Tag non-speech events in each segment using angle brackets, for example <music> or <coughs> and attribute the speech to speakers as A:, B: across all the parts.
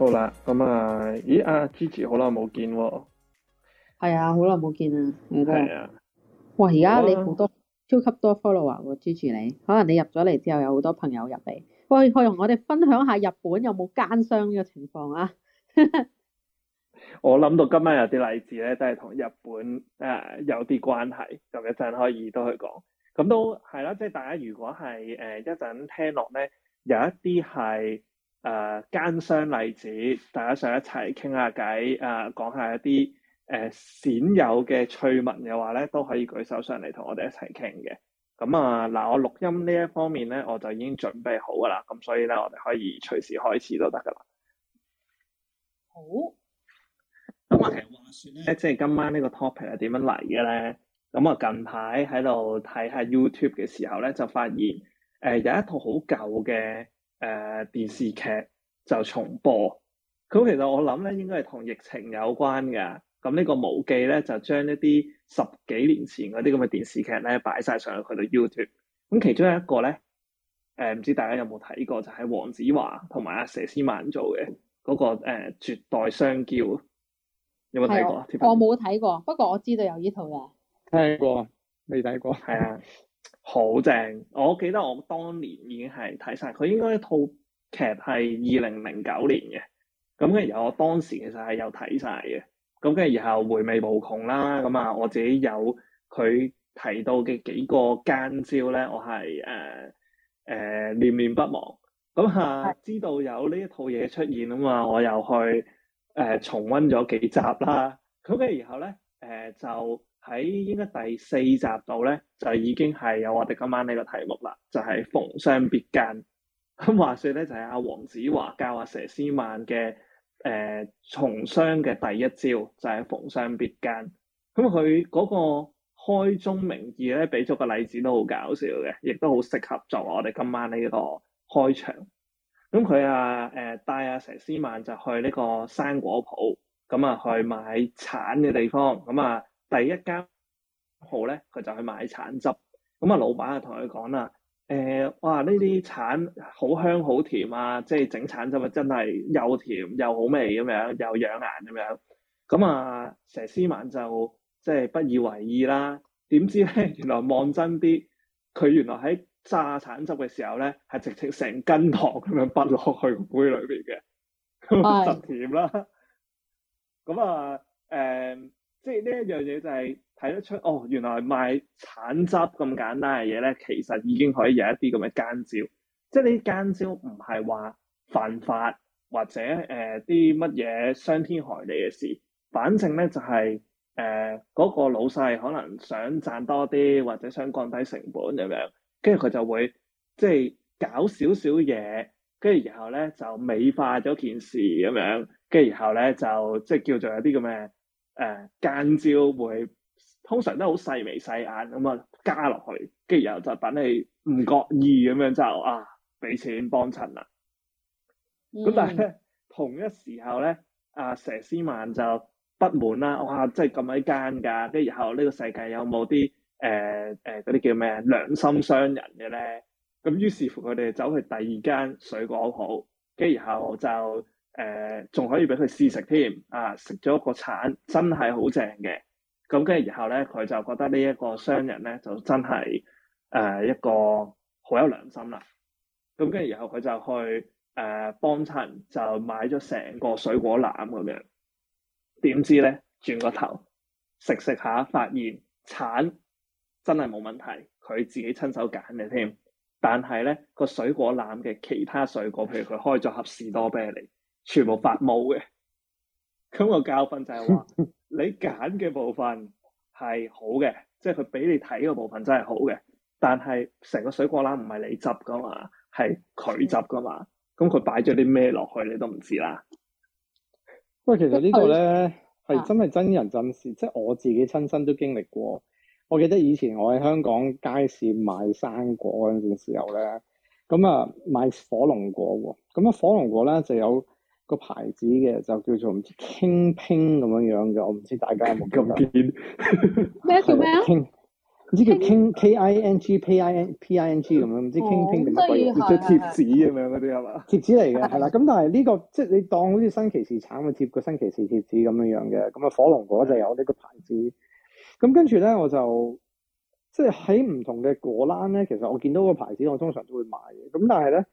A: 好啦，咁、嗯、啊，咦，阿 Gigi 好耐冇見喎。
B: 係啊，igi, 好耐冇見啊！係啊，喂，而家吧你好多超級多 follower 喎，Gigi 你，可能你入咗嚟之後有好多朋友入嚟。喂，可同我哋分享下日本有冇奸商呢個情況啊？
A: <laughs> 我諗到今晚有啲例子咧，都係同日本誒、呃、有啲關係，咁一陣可以都去講。咁都係啦，即係大家如果係誒、呃、一陣聽落咧，有一啲係。誒、呃、奸商例子，大家想一齊傾下偈，誒、呃、講下一啲誒鮮有嘅趣聞嘅話咧，都可以舉手上嚟同我哋一齊傾嘅。咁、嗯、啊，嗱、呃，我錄音呢一方面咧，我就已經準備好噶啦，咁所以咧，我哋可以隨時開始都得噶啦。
C: 好。
A: 咁我其實話説咧，即係今晚呢個 topic 係點樣嚟嘅咧？咁啊，近排喺度睇下 YouTube 嘅時候咧，就發現誒、呃、有一套好舊嘅。誒，uh, 電視劇就重播，咁其實我諗咧，應該係同疫情有關嘅。咁呢個無記咧，就將一啲十幾年前嗰啲咁嘅電視劇咧，擺晒上去佢度 YouTube。咁 you 其中有一個咧，誒、呃，唔知大家有冇睇過？就係、是、黃子華同埋阿佘詩曼做嘅嗰、那個誒、呃《絕代雙驕》，有冇睇過？我
B: 冇睇過，不過我知道有呢套嘅。
A: 睇過，未睇過，係啊。好正！我記得我當年已經係睇晒。佢應該一套劇係二零零九年嘅。咁跟住，我當時其實係有睇晒嘅。咁跟住，然後回味無窮啦。咁、嗯、啊，我自己有佢提到嘅幾個奸招咧，我係誒誒念念不忘。咁、嗯、啊，知道有呢一套嘢出現啊嘛，我又去誒、呃、重溫咗幾集啦。咁跟住然後咧，誒、呃、就～喺應該第四集度咧，就已經係有我哋今晚呢個題目啦，就係、是、逢商必奸。咁 <laughs> 話說咧，就係阿黃子華教阿佘詩曼嘅誒從商嘅第一招，就係、是、逢商必奸。咁佢嗰個開宗明義咧，俾咗個例子都好搞笑嘅，亦都好適合做我哋今晚呢個開場。咁佢阿誒帶阿佘詩曼就去呢個生果鋪，咁啊去買橙嘅地方，咁啊～第一間鋪咧，佢就去買橙汁，咁啊，老闆就同佢講啦，誒、呃，哇，呢啲橙好香好甜啊，即係整橙汁啊，真係又甜又好味咁樣，又養顏咁樣。咁啊，佘詩曼就即係不以為意啦。點知咧，原來望真啲，佢原來喺榨橙汁嘅時候咧，係直情成斤糖咁樣拔落去個杯裏邊嘅，
C: 咁就、哎、 <laughs>
A: 甜啦。咁啊，誒、呃。即係呢一樣嘢，就係睇得出哦，原來賣橙汁咁簡單嘅嘢咧，其實已經可以有一啲咁嘅奸招。即係呢啲奸招唔係話犯法或者誒啲乜嘢傷天害理嘅事，反正咧就係誒嗰個老細可能想賺多啲或者想降低成本咁樣，跟住佢就會即係搞少少嘢，跟住然後咧就美化咗件事咁樣，跟住然後咧就即係叫做有啲咁嘅。誒、呃、間招會通常都好細眉細眼咁啊，加落去，跟住然後就等你唔覺意咁樣就啊俾錢幫襯啦。咁但係咧同一時候咧，阿、啊、佘詩曼就不滿啦，哇！真係咁鬼奸㗎，跟住然後呢個世界有冇啲誒誒嗰啲叫咩良心商人嘅咧？咁於是乎佢哋走去第二間水果鋪，跟住然後就。誒，仲、呃、可以俾佢試食添，啊，食咗個橙真係好正嘅，咁跟住然後咧，佢就覺得呢一個商人咧就真係誒、呃、一個好有良心啦。咁跟住然後佢就去誒幫襯，呃、就買咗成個水果籃咁樣。點知咧，轉個頭食食下，發現橙真係冇問題，佢自己親手揀嘅添。但係咧個水果籃嘅其他水果，譬如佢開咗盒士多啤梨。全部發毛嘅，咁個教訓就係話：你揀嘅部分係好嘅， <laughs> 即係佢俾你睇嘅部分真係好嘅。但係成個水果欄唔係你執噶嘛，係佢執噶嘛。咁佢擺咗啲咩落去，你都唔知啦。
D: 喂，其實個呢個咧
A: 係真係真人真
D: 事，即係我自己親身都經歷過。我記得以前我喺香港街市買生果嗰陣時候咧，咁啊買火龍果喎。咁啊火龍果咧就有。個牌子嘅就叫做唔知 king ping 咁樣樣嘅，我唔知大家有冇咁見咩 <laughs> <laughs>
C: 叫咩啊？king
D: 唔知叫 king k I、n、g, p i n g, p I n g 咁樣，唔知、哦、king ping 定乜鬼貼紙咁樣嗰啲係咪？貼紙嚟嘅係啦，咁的但係呢、呢個即係、即係、你當好似新奇士橙去貼個新奇士貼紙咁樣樣嘅，咁啊火龍果就有呢個牌子。咁跟住咧，我就即係喺唔同嘅果欄咧，其實我見到個牌子，我通常都會買嘅。咁但係咧。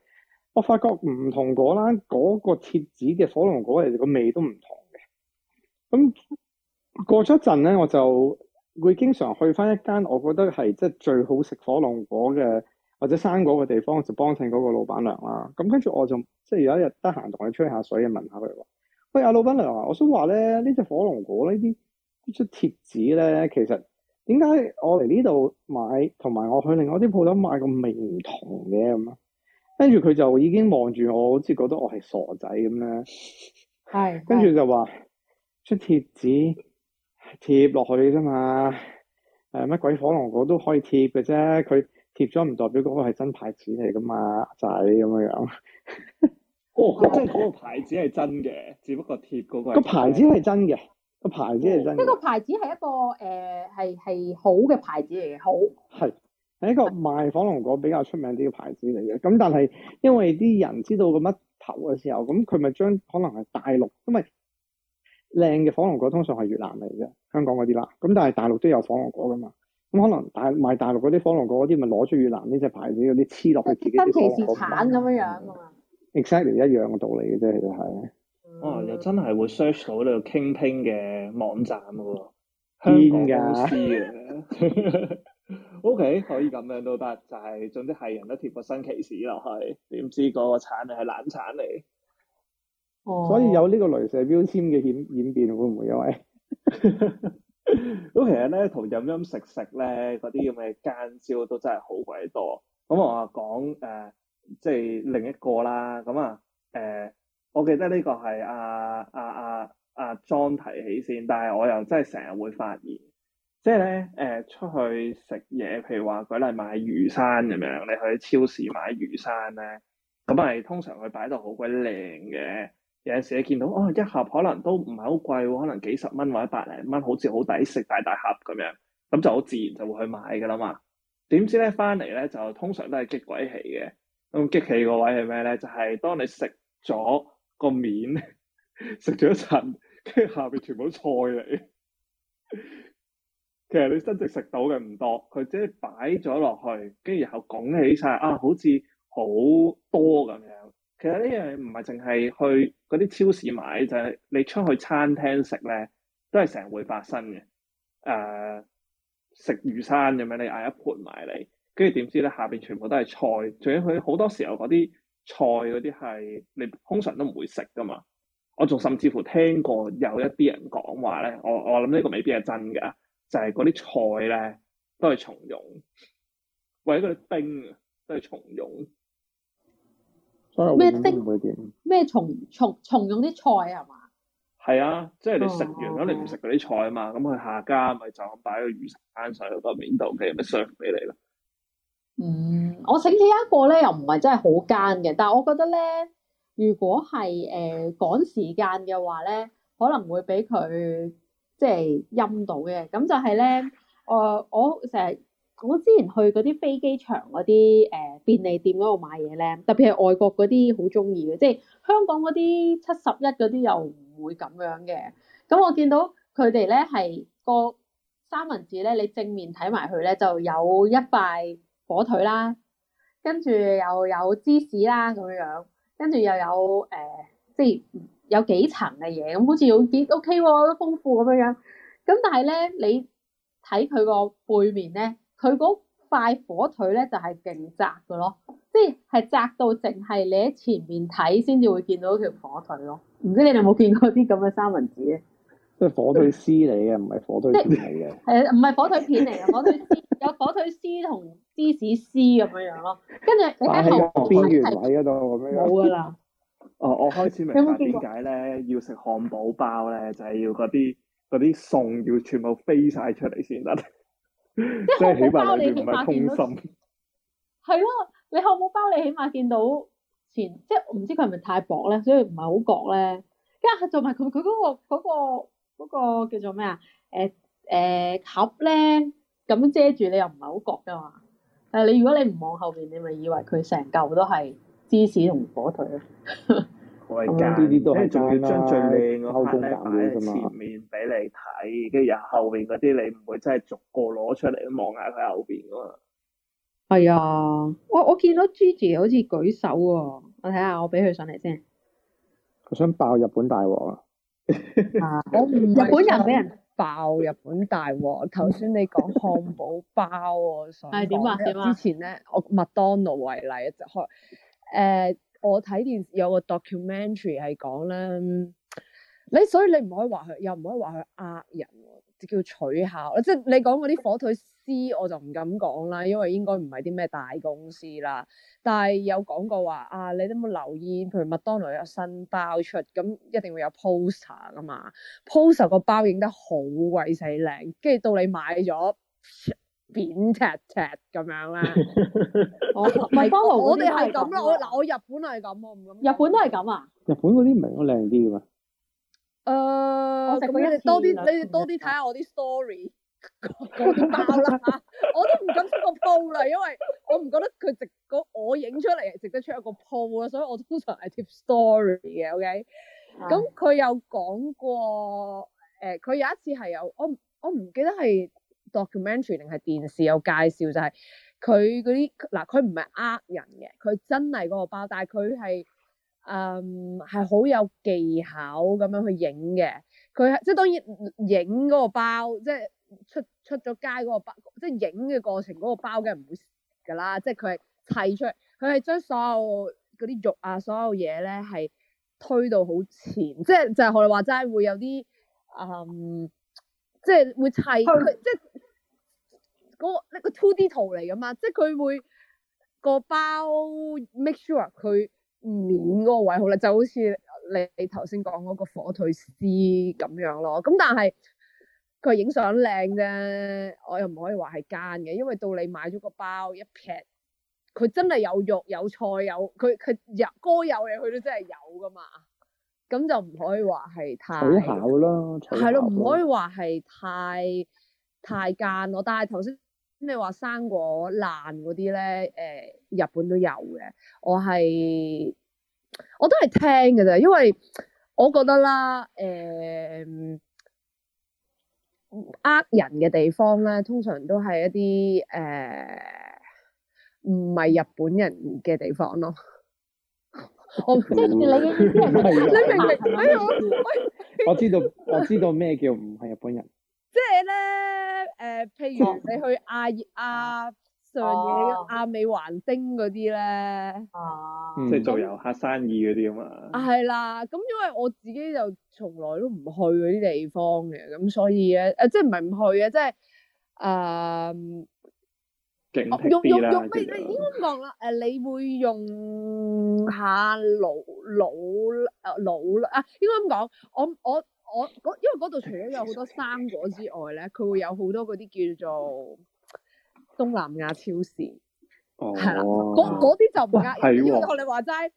D: 我發覺唔同果啦。嗰個貼紙嘅火龍果其實個味都唔同嘅。咁過咗陣咧，我就會經常去翻一間我覺得係即係最好食火龍果嘅或者生果嘅地方，就幫襯嗰個老闆娘啦。咁跟住我就即係、就是、有一日得閒同佢吹下水，問下佢話：喂，阿老闆娘，我想話咧，呢隻火龍果呢啲呢啲貼紙咧，其實點解我嚟呢度買，同埋我去另外啲鋪頭買個味唔同嘅咁啊？跟住佢就已經望住我，好似覺得我係傻仔咁樣。
C: 係。跟住
D: 就話出貼紙貼落去啫嘛。誒乜鬼火龍果都可以貼嘅啫，佢貼咗唔代表嗰個係真牌子嚟噶嘛，仔咁樣樣。
C: <laughs> <laughs>
A: 哦，即係嗰個牌子係真嘅，只不過貼嗰個。個牌子
D: 係真嘅，個牌子係真嘅。
A: 一個
B: 牌子係一個誒，係、呃、係好嘅牌子嚟嘅，好。
D: 係。係一個賣火龍果比較出名啲嘅牌子嚟嘅，咁但係因為啲人知道咁一頭嘅時候，咁佢咪將可能係大陸，因為靚嘅火龍果通常係越南嚟嘅，香港嗰啲啦，咁但係大陸都有火龍果噶嘛，咁可能大賣大陸嗰啲火龍果嗰啲咪攞出越南呢隻牌子嗰啲黐落去，自己嘅貨產咁樣樣嘛，exactly 一樣嘅道理
A: 嘅啫，其實係，能、嗯、又真係會 search 到呢個 k i 嘅網站噶喎，香港公司嘅。 <laughs> O、okay, K，可以咁樣都得，就係總之係人都貼個新騎士落去，點知嗰個產地係爛產地，oh.
D: 所以有呢個鐳射標籤嘅演演變會唔會，會？因為
C: 咁其實
A: 咧，同飲飲食食咧，嗰啲咁嘅奸招都真係好鬼多。咁我講誒，即、呃、係、就是、另一個啦。咁啊，誒、呃，我記得呢個係阿阿阿阿莊提起先，但係我又真係成日會發現。即係咧，誒、呃、出去食嘢，譬如話舉例買魚生咁樣，你去超市買魚生咧，咁係通常佢擺到好鬼靚嘅。有陣時你見到，哦，一盒可能都唔係好貴喎，可能幾十蚊或者百零蚊，好似好抵食，大大盒咁樣，咁就好自然就會去買㗎啦嘛。點知咧，翻嚟咧，就通常都係激鬼氣嘅。咁激氣個位係咩咧？就係、是、當你食咗個面，食咗一層，跟住下邊全部菜嚟。 <laughs> 其實你真正食到嘅唔多，佢即係擺咗落去，跟住然後拱起晒啊，好似好多咁樣。其實呢樣嘢唔係淨係去嗰啲超市買，就係你出去餐廳食咧，都係成日會發生嘅。誒、呃，食魚生咁樣，你嗌一盤埋嚟，跟住點知咧下邊全部都係菜，仲要佢好多時候嗰啲菜嗰啲係你通常都唔會食噶嘛。我仲甚至乎聽過有一啲人講話咧，我我諗呢個未必係真噶。就係嗰啲菜咧，都係重用；或者嗰啲冰啊，都係重用。
C: 咩冰？
A: 咩重
B: 重重用啲菜係嘛？
A: 係啊，即係你食完咗，嗯、你唔食嗰啲菜啊嘛，咁佢下家咪就咁擺個魚生上去個面度嘅，咪上俾你咯。嗯，
B: 嗯，我醒起一個咧，又唔係真係好奸嘅，但係我覺得咧，如果係誒趕時間嘅話咧，可能會俾佢。即係陰到嘅，咁就係咧，誒，我成日我，我之前去嗰啲飛機場嗰啲誒便利店嗰度買嘢咧，特別係外國嗰啲好中意嘅，即係香港嗰啲七十一嗰啲又唔會咁樣嘅。咁我見到佢哋咧係個三文治咧，你正面睇埋佢咧就有一塊火腿啦，跟住又有芝士啦咁樣樣，跟住又有誒，即、呃、係有幾層嘅嘢，咁好似幾 O K 喎，都豐富咁樣樣。咁但係咧，你睇佢個背面咧，佢嗰塊火腿咧就係、是、勁窄嘅咯，即係窄到淨係你喺前面睇先至會見到條火腿咯。唔知你哋有冇見過啲咁嘅三文治咧？即係火腿絲嚟嘅，唔係
D: 火， <laughs> 火腿片嚟
B: 嘅。係唔係火腿片嚟嘅？火腿絲有火腿絲同芝士絲
A: 咁
C: 樣樣咯。跟住你喺個邊緣位嗰
A: 度咁樣樣。冇㗎啦。哦，我開始明白點解咧要食漢堡包咧，就係 <laughs> 要嗰啲啲餸要全部飛晒出嚟先得。
C: <laughs> <laughs> 即係漢堡包，你起碼心見
A: 到，
B: 係咯、啊？你漢堡包你起碼見到前，即係唔知佢係咪太薄咧，所以唔係好覺咧。跟住做埋佢佢嗰個嗰、嗰個嗰個、叫做咩啊？誒、欸、誒、欸、盒咧咁遮住，你又唔係好覺噶嘛？但係你如果你唔望後邊，你咪以為佢成嚿都係。芝士同火腿
A: 啊！我係驚呢啲都即係仲要張最靚嘅口供擺喺前面俾你睇，跟住後面嗰啲你唔會真係逐個攞出嚟望下佢後邊噶
C: 嘛。係
B: 啊，我我見到 Gigi 好似舉手喎、喔，我睇下我俾佢上嚟先。
D: 我想爆日本大鑊 <laughs> 啊！
B: 我唔，日本人俾人爆
E: 日本大鑊。頭先你講漢堡包我、哎、啊，想講之前咧，我麥當勞為例一直開。誒，uh, 我睇電視有個 documentary 係講咧，你所以你唔可以話佢，又唔可以話佢呃人，即叫取巧即係你講嗰啲火腿絲，我就唔敢講啦，因為應該唔係啲咩大公司啦。但係有講過話啊，你都冇留意？譬如麥當勞有新包出，咁一定會有 poster 噶嘛，poster 個包影得好鬼死靚，跟住到你買咗。扁踢踢，咁樣啦。唔係 <laughs> 我哋係咁啦。我嗱是，我日本係咁啊，唔咁。
B: 日本都係咁啊？
E: 日
D: 本嗰啲唔係我靚啲嘅嘛？誒，
E: 咁你多啲天，你哋多啲睇下我啲 story，爆啦！ <laughs> 我都唔敢出個 po 啦，因為我唔覺得佢值我影出嚟值得出一個 po 啊，所以我通常係貼 story 嘅。OK，咁佢有講過誒，佢、呃、有一次係有我我唔記得係。documentary 定係電視有介紹，就係佢嗰啲。嗱，佢唔係呃人嘅，佢真係嗰個包，但係佢係誒，係好有技巧咁樣去影嘅。佢即係當然影嗰個包，即係出出咗街嗰個包，即係影嘅過程嗰個包梗係唔會㗎啦。即係佢係砌出嚟，佢係將所有嗰啲肉啊、所有嘢咧係推到好前，即係就係學你話齋會有啲誒、嗯，即係會砌佢即係。嗰一個 two D 圖嚟噶嘛，即係佢會個包 make sure 佢面嗰個位好啦，就好似你你頭先講嗰個火腿絲咁樣咯。咁但係佢影相靚啫，我又唔可以話係奸嘅，因為到你買咗個包一劈，佢真係有肉有菜有，佢佢有該有嘢佢都真係有噶嘛。咁就唔可以話係太好巧
B: 啦，係咯，唔可以
E: 話係太太奸咯。但係頭先。咁你話生果爛嗰啲咧，誒，日本都有嘅。我係我都係聽㗎咋，因為我覺得啦，誒，呃人嘅地方咧，通常都係一啲誒唔係日本人嘅地方咯。我即係你嘅意思，你明唔明，我，我知
D: 道我知道咩叫唔係日本人，
E: 即係咧。誒，譬如你去亞熱亞上野亞美環星嗰啲咧，
A: 啊，即係做遊客生意嗰啲啊嘛。
E: 啊，係啦，咁因為我自己就從來都唔去嗰啲地方嘅，咁所以咧，誒，即係唔係唔去啊，即係誒，
C: 用用用，咪你
E: 應該咁講啦，誒，你會用下腦腦腦啊，應該咁講，我我。我因為嗰度除咗有好多生果之外咧，佢會有好多嗰啲叫做東南亞超市，係啦，嗰啲就唔呃，哦、因為我你話齋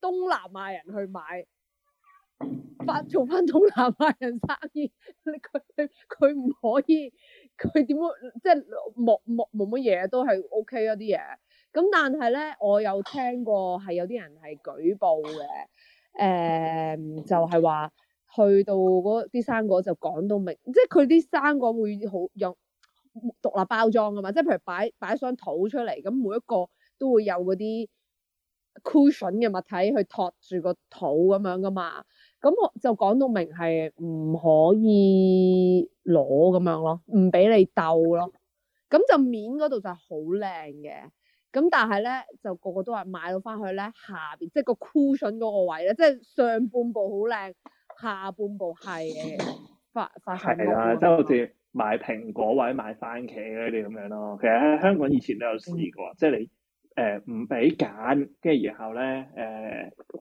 E: 東南亞人去買，翻做翻東南亞人生意，佢佢佢唔可以，佢點樣即係冇冇冇乜嘢都係 O K 啊啲嘢，咁但係咧，我有聽過係有啲人係舉報嘅，誒、嗯，就係、是、話。去到嗰啲生果就講到明，即係佢啲生果會好用獨立包裝噶嘛，即係譬如擺擺箱土出嚟，咁每一個都會有嗰啲 cushion 嘅物體去托住個土咁樣噶嘛，咁我就講到明係唔可以攞咁樣咯，唔俾你鬥咯，咁就面嗰度就好靚嘅，咁但係咧就個個都係買到翻去咧下邊，即係個 cushion 嗰個位咧，即係上半部好靚。下半部係發發行，係啦、啊，即係好似
A: 買蘋果或者買番茄嗰啲咁樣咯。其實喺香港以前都有試過，嗯、即係你誒唔俾揀，跟、呃、住然後咧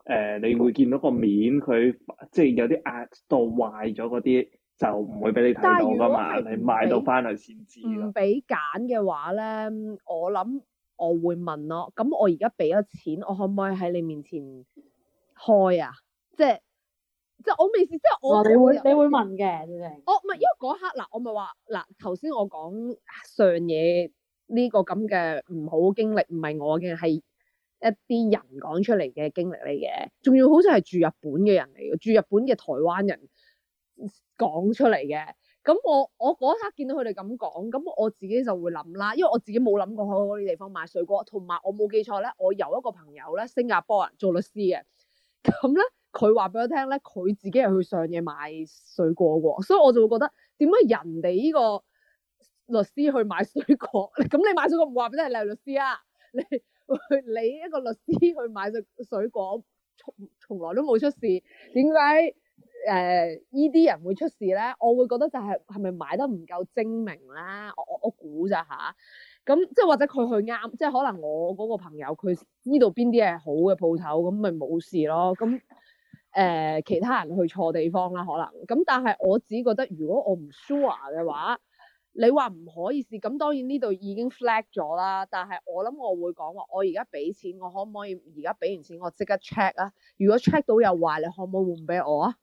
A: 誒誒，你會見到個面，佢即係有啲壓到壞咗嗰啲，就唔會俾你睇到㗎嘛。你買到翻去先
E: 知。唔俾揀嘅話咧，我諗我會問咯。咁我而家俾咗錢，我可唔可以喺你面前開啊？即係。
B: 即係我未試，即係我。你會你
E: 會問嘅，你明？
B: 我唔係，因為嗰刻
E: 嗱，我咪話嗱，頭先我講上嘢呢個咁嘅唔好經歷，唔係我嘅，係一啲人講出嚟嘅經歷嚟嘅。仲要好似係住日本嘅人嚟嘅，住日本嘅台灣人講出嚟嘅。
B: 咁我我嗰刻見到
E: 佢哋咁講，咁我自己就會諗啦，因為我自己冇諗過去嗰啲地方買水果，同埋我冇記錯咧，我有一個朋友咧，新加坡人做律師嘅，咁咧。佢話俾我聽咧，佢自己係去上嘢買水果嘅，所以我就會覺得點解人哋呢個律師去買水果，咁 <laughs> 你買水果唔話俾你係你律師啊？你 <laughs> 你一個律師去買水果，從從來都冇出事，點解誒依啲人會出事咧？我會覺得就係係咪買得唔夠精明咧，啊？我我我估咋吓，咁即係或者佢去啱，即係可能我嗰個朋友佢知道邊啲係好嘅鋪頭，咁咪冇事咯。咁 <laughs> 誒、呃、其他人去錯地方啦，可能咁，但係我自己覺得，如果我唔 sure 嘅話，你話唔可以試咁，當然呢度已經 flag 咗啦。但係我諗我會講話，我而家俾錢，我可唔可以而家俾完錢，我即刻 check 啊？如果 check 到又壞，你可唔可以換俾我啊？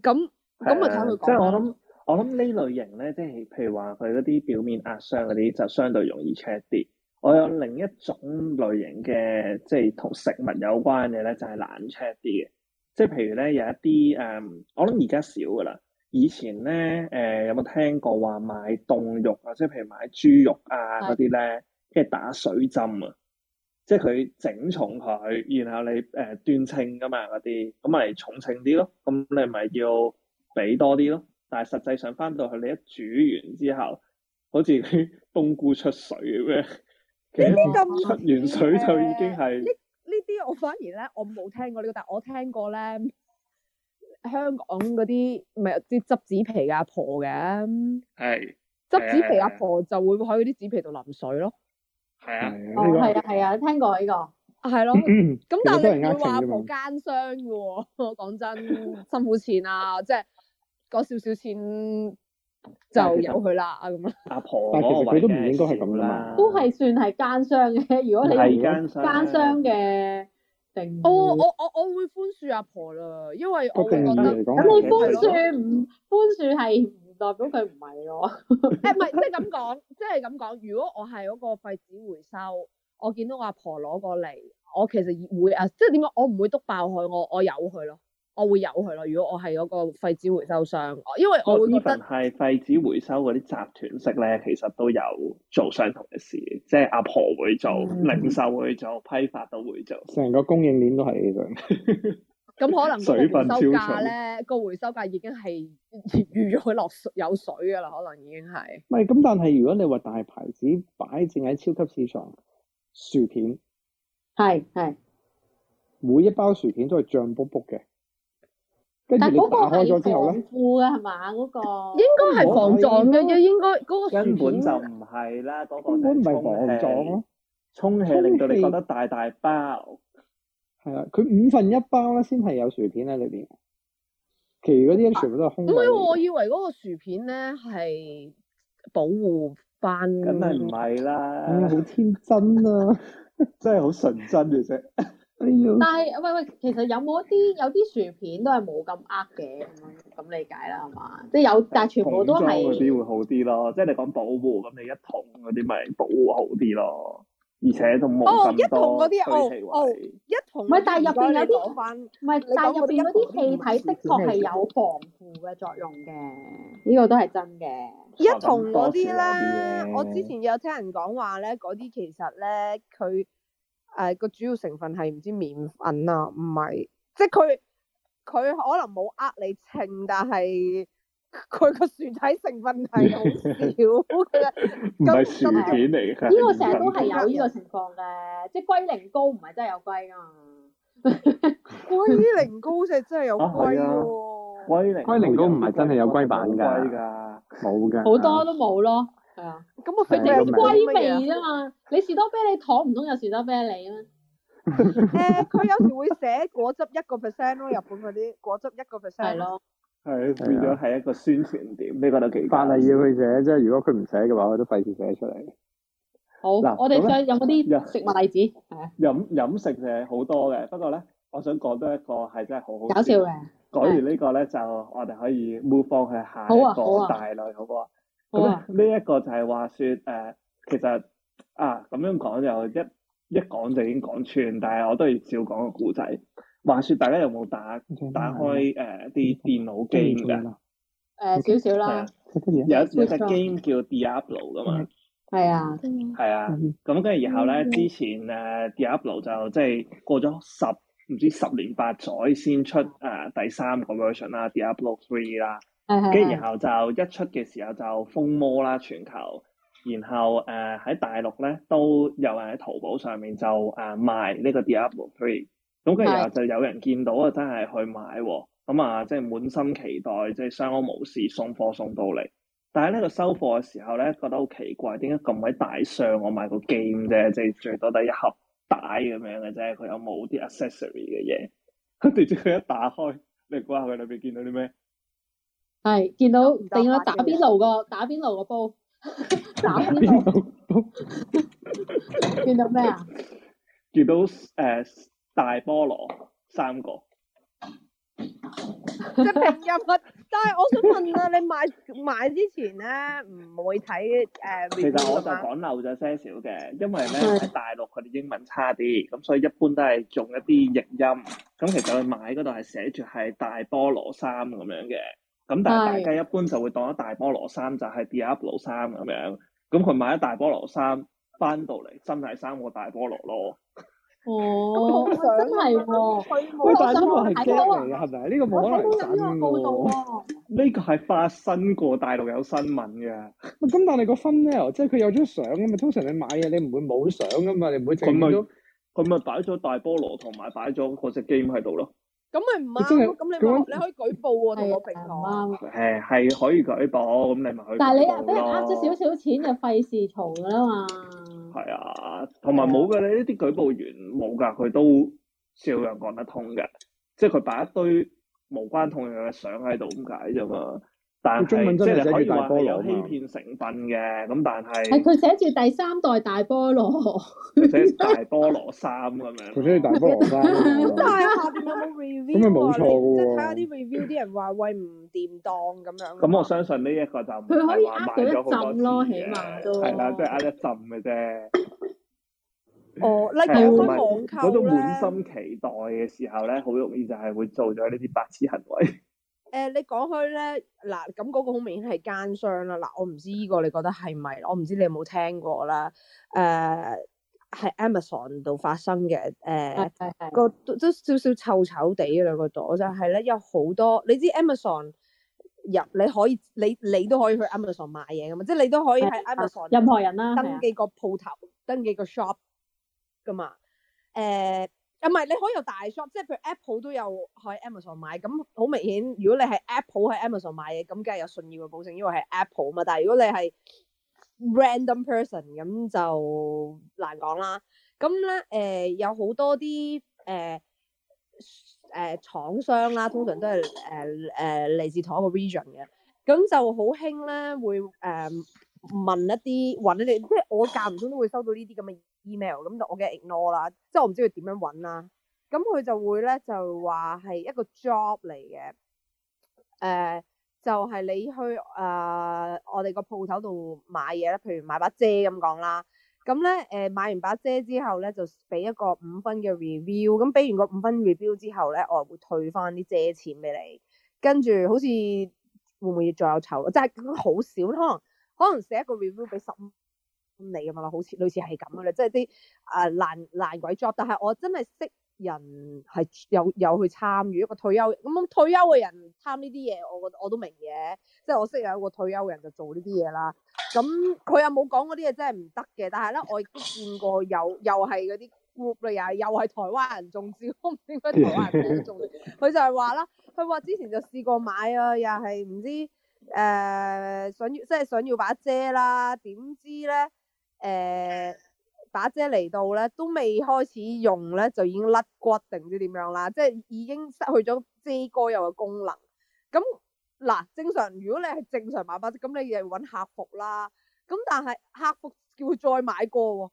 E: 咁咁啊，睇佢講。即係我諗，
A: 我諗呢類型咧，即係譬如話佢嗰啲表面壓傷嗰啲，就相對容易 check 啲。我有另一種類型嘅，即係同食物有關嘅咧，就係難 check 啲嘅。即係譬如咧有一啲誒、嗯，我諗而家少噶啦。以前咧誒、呃，有冇聽過話買凍肉，肉啊？即係譬如買豬肉啊嗰啲咧，即係打水針啊。即係佢整重佢，然後你誒斷稱噶嘛嗰啲，咁咪重稱啲咯。咁你咪要俾多啲咯。但係實際上翻到去你一煮完之後，好似啲冬菇出水咁樣， <laughs> 其實出完水就已經係。
E: 呢啲我反而咧，我冇聽過呢、呢個，但我聽過咧，香港嗰啲咪有啲執紙皮阿婆嘅，
A: 係的執紙皮阿婆
E: 就會喺嗰啲紙皮度淋水咯，
A: 係啊，哦係啊係
B: 啊，呢個、聽過呢、呢個，
E: 係咯，咁 <coughs> 其但你唔會話阿婆奸商嘅喎、哦，講真辛苦錢啊，即係嗰少少錢。
A: 就由佢啦咁啊，阿婆，但其實佢樣都唔應該係咁啦，都
B: 係算係奸商嘅。如果你係奸奸商嘅定，我我我我會寬恕阿婆啦，因為
E: 我會覺得，咁你寬恕
B: 唔寬恕係代表佢唔係
E: 咯？誒， <laughs> <laughs> <laughs> 唔係即係咁講，即係咁講。如果我係嗰個廢紙回收，我見到我阿婆攞過嚟，我其實會啊，即係點解我唔會督爆佢，我我由佢咯。我會有佢咯。如果我係嗰個廢紙回收商，因為我會覺
A: 得係廢紙回收嗰啲集團式咧，其實都有做相同嘅事，即係阿婆，婆會做，嗯、零售會做，批發都會做，成個供應鏈都係咁。咁
E: <laughs> 嗯、可能水份超長咧，個回收價已經係預咗佢落水有水噶啦，可能已經係。
D: 唔係咁，但係如果你話大牌子擺正喺超級市場薯片，係係，每一包薯片都係脹卜卜
A: 嘅。開咗之後呢但嗰個係要褲嘅係嘛？嗰
B: 個應該係防撞嘅嘢，嗰
A: 個、應該嗰、啊、根本就唔係啦。根本唔係防撞，
D: 充氣洗令到你覺得大大包。係啊，佢五份一包咧，先係有薯片喺裏邊，其餘嗰啲全部都係空。唔係
E: 喎，我以為嗰個薯片咧係保護翻。根本唔係啦，
D: 好天真啊！
B: 真係好純真嘅啫。但係，喂喂，其實有冇一啲有啲薯片都係冇咁呃嘅咁樣咁理解啦，係嘛？即係有，但係全部都係。嗰啲
A: 會好啲咯，即係你講保護咁，你一桶嗰啲咪保護好啲咯，而且都冇咁多啲、哦，哦，位。一桶，唔係但係入邊有啲，唔
E: 係
C: 但
B: 係入邊有啲氣體的確係有防
C: 腐嘅作用嘅，呢個都係真
E: 嘅。一桶嗰啲咧，我之前有聽人講話咧，嗰啲其實咧佢。誒，個、呃、主要成分係唔知麵粉啊，唔係，即係佢佢可能冇呃你稱，但係佢個薯仔成分
B: 係好少，唔係 <laughs>
C: 實薯片嚟嘅。呢 <laughs> 個成日都係有呢
B: 個情況嘅，啊、即係龜苓膏唔係真係有龜噶。龜 <laughs> <laughs> <laughs> 苓膏就
A: 真係有龜喎。龜苓膏唔係真係有龜板噶，冇噶，
B: 好多都冇咯。 <laughs> <laughs> 咁我佢哋個龜味啫嘛，你士多啤梨
E: 糖唔通有士多啤梨咩？誒，佢有時會寫果汁一個 percent 咯，日本嗰啲
A: 果汁一個 percent 係咯，係變咗係一個宣傳點。你覺得幾？法
D: 例要佢寫，即係如果佢唔寫嘅話，佢都費事寫出嚟。
A: 好，嗱，我哋想用嗰啲食物例子，係飲飲食嘅好多嘅，不過咧，我想講多一個係真係好好搞笑嘅。講完呢個咧，就我哋可以 move on 去下一個大類，好啊。咁咧呢一個就係話説，誒其實啊咁樣講就一一講就已經講串，但係我都係少講個故仔。話説大家有冇打打開誒啲電腦 game 㗎？誒
B: 少少啦，
A: 有有隻 game 叫 Diablo 㗎嘛。係啊。係啊，咁跟住然後咧，之前誒 Diablo 就即係過咗十唔知十年八載先出誒第三個 version 啦，Diablo Three 啦。跟住然後就一出嘅時候就瘋魔啦全球，然後誒喺、呃、大陸咧都有人喺淘寶上面就誒賣呢個 Diablo Three，
C: 咁跟住然後就
A: 有人見到啊真係去買，咁、嗯、啊即係滿心期待，即係相安無事送貨送到嚟，但係呢個收貨嘅時候咧覺得好奇怪，點解咁鬼大箱？我買個 game 啫，即係最多得一盒帶咁樣嘅啫，佢有冇啲 accessory 嘅嘢。跟住佢一打開，你估下佢裏邊見到啲咩？
B: 係見到定咗打邊爐個打邊爐個煲，打邊
A: 爐，見到咩啊？見到誒大菠蘿三個，
E: 即係拼音。但係我想問啊，你買買之前咧唔會睇誒？其實我就講
A: 漏咗些少嘅，因為咧喺大陸佢啲英文差啲，咁所以一般都係用一啲譯音。咁其實佢買嗰度係寫住係大菠蘿三咁樣嘅。咁但係大家一般就會當一大菠蘿衫就係 Diablo 3咁樣，咁佢買一大菠蘿衫翻到嚟真係三個大菠蘿咯。
C: 哦，真係喎、哦！喂我，但菠呢個係假嚟嘅，
A: 係咪呢個冇可能真㗎喎！呢個係發生過，大陸有新聞嘅。
D: 咁 <laughs> 但係個 final 即係佢有張相㗎嘛？通常你買嘢你唔會冇相㗎嘛？你唔
A: 會整唔到。咁咪擺咗大菠蘿同埋擺咗個隻機咁喺度咯。咁咪
E: 唔啱，咁 <noise> 你可你
B: 可以舉報喎、啊，同是
E: 我
A: 平反。誒，係可以舉報，咁你咪去舉報咯。但係你俾人呃咗少
B: 少錢就費事嘈啦嘛。
A: 係啊，同埋冇㗎，你呢啲舉報員冇㗎，佢都照樣講得通嘅，即係佢擺一堆無關痛癢嘅相喺度咁解啫嘛。但中文真係寫住大菠羅，有欺騙成分嘅。咁，但係係佢
B: 寫住第三代大菠蘿，
A: 寫大菠羅三咁樣，佢寫大菠羅三，咁咪冇錯嘅喎，即係睇下啲 review 啲人話喂唔
E: 掂當咁樣。咁我
A: 相信呢一個就唔可以話買咗好多次，起碼都，係啦，即係呃一浸嘅啫。哦，嗱，如果網購咧，嗰種滿心期待嘅時候咧，好容易就係會做咗呢啲白痴行為。
E: 誒、呃，你講佢咧，嗱咁嗰個好明顯係奸商啦。嗱，我唔知呢個你覺得係咪，我唔知你有冇聽過啦。誒、呃，喺 Amazon 度發生嘅，誒、呃啊、個都少少臭臭地兩個度，就係、是、咧有好多。你知 Amazon 入你可以，你你，你，以你都可以去 Amazon 買嘢噶嘛的，即係你都可以喺 Amazon 任何人啦、啊，登記個鋪頭，的登記個 shop 噶嘛，誒、呃。啊，唔係，你可以有大 shop，即係譬如 Apple 都有喺 Amazon 買，咁好明顯，如果你係 Apple 喺 Amazon 買嘢，咁梗係有信譽嘅保證，因為係 Apple 啊嘛。但係如果你係 random person，咁就難講啦。咁咧，誒、呃，有好多啲誒誒廠商啦，通常都係誒誒嚟自同一個 region 嘅，咁就好興咧，會誒、呃、問一啲，搵你哋，即係我間唔中都會收到呢啲咁嘅。email 咁就我嘅 ignore 啦，即係我唔知佢點樣揾啦、啊。咁佢就會咧，就話係一個 job 嚟嘅，誒、呃、就係、是、你去啊、呃、我哋個鋪頭度買嘢咧，譬如買把遮咁講啦。咁咧，誒買完把遮之後咧，就俾一個五分嘅 review，咁俾完個五分 review 之後咧，我會退翻啲遮錢俾你，跟住好似會唔會再有酬？即係好少，可能可能寫一個 review 俾十五。你咁啊，好似類似係咁嘅咧，即係啲誒爛爛鬼 job。但係我真係識人係有有去參與一個退休，咁、嗯、退休嘅人貪呢啲嘢，我覺得我都明嘅。即係我識有個退休嘅人就做呢啲嘢啦。咁、嗯、佢又冇講嗰啲嘢真係唔得嘅。但係咧，我亦都見過有又係嗰啲 group 嚟又係台灣人中招。唔知咩台灣人點中？佢 <laughs> 就係話啦，佢話之前就試過買啊，又係唔知誒、呃、想要即係想要把遮啦，點知咧？誒、欸，把遮嚟到咧，都未開始用咧，就已經甩骨定唔知點樣啦，即係已經失去咗遮該有嘅功能。咁嗱，正常如果你係正常買把遮，咁你又揾客服啦。咁但係客服叫佢再買過喎、哦，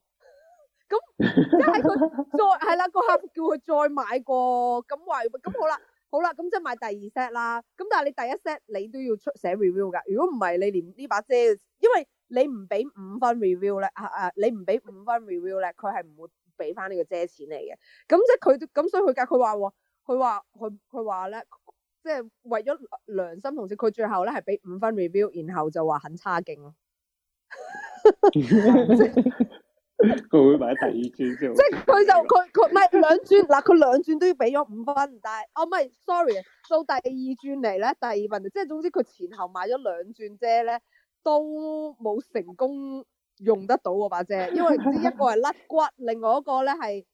E: 咁即係佢再係 <laughs> 啦，個客服叫佢再買過，咁話咁好啦，好啦，咁即係買第二 set 啦。咁但係你第一 set 你都要出寫 review 㗎，如果唔係你連呢把遮，因為。你唔俾五分 review 咧，啊啊！你唔俾五分 review 咧，佢係唔會俾翻呢個遮錢嚟嘅。咁即係佢咁，所以佢架佢話，佢話佢佢話咧，即係為咗良心同時，佢最後咧係俾五分 review，然後就話很差勁咯。
C: 佢會買第二轉，即係
E: 佢就佢佢唔係兩轉嗱，佢兩轉都要俾咗五分，但係哦唔係，sorry，到第二轉嚟咧，第二份，即係總之佢前後買咗兩轉啫咧。都冇成功用得到我把遮，因為唔知一個係甩骨，另外一個咧係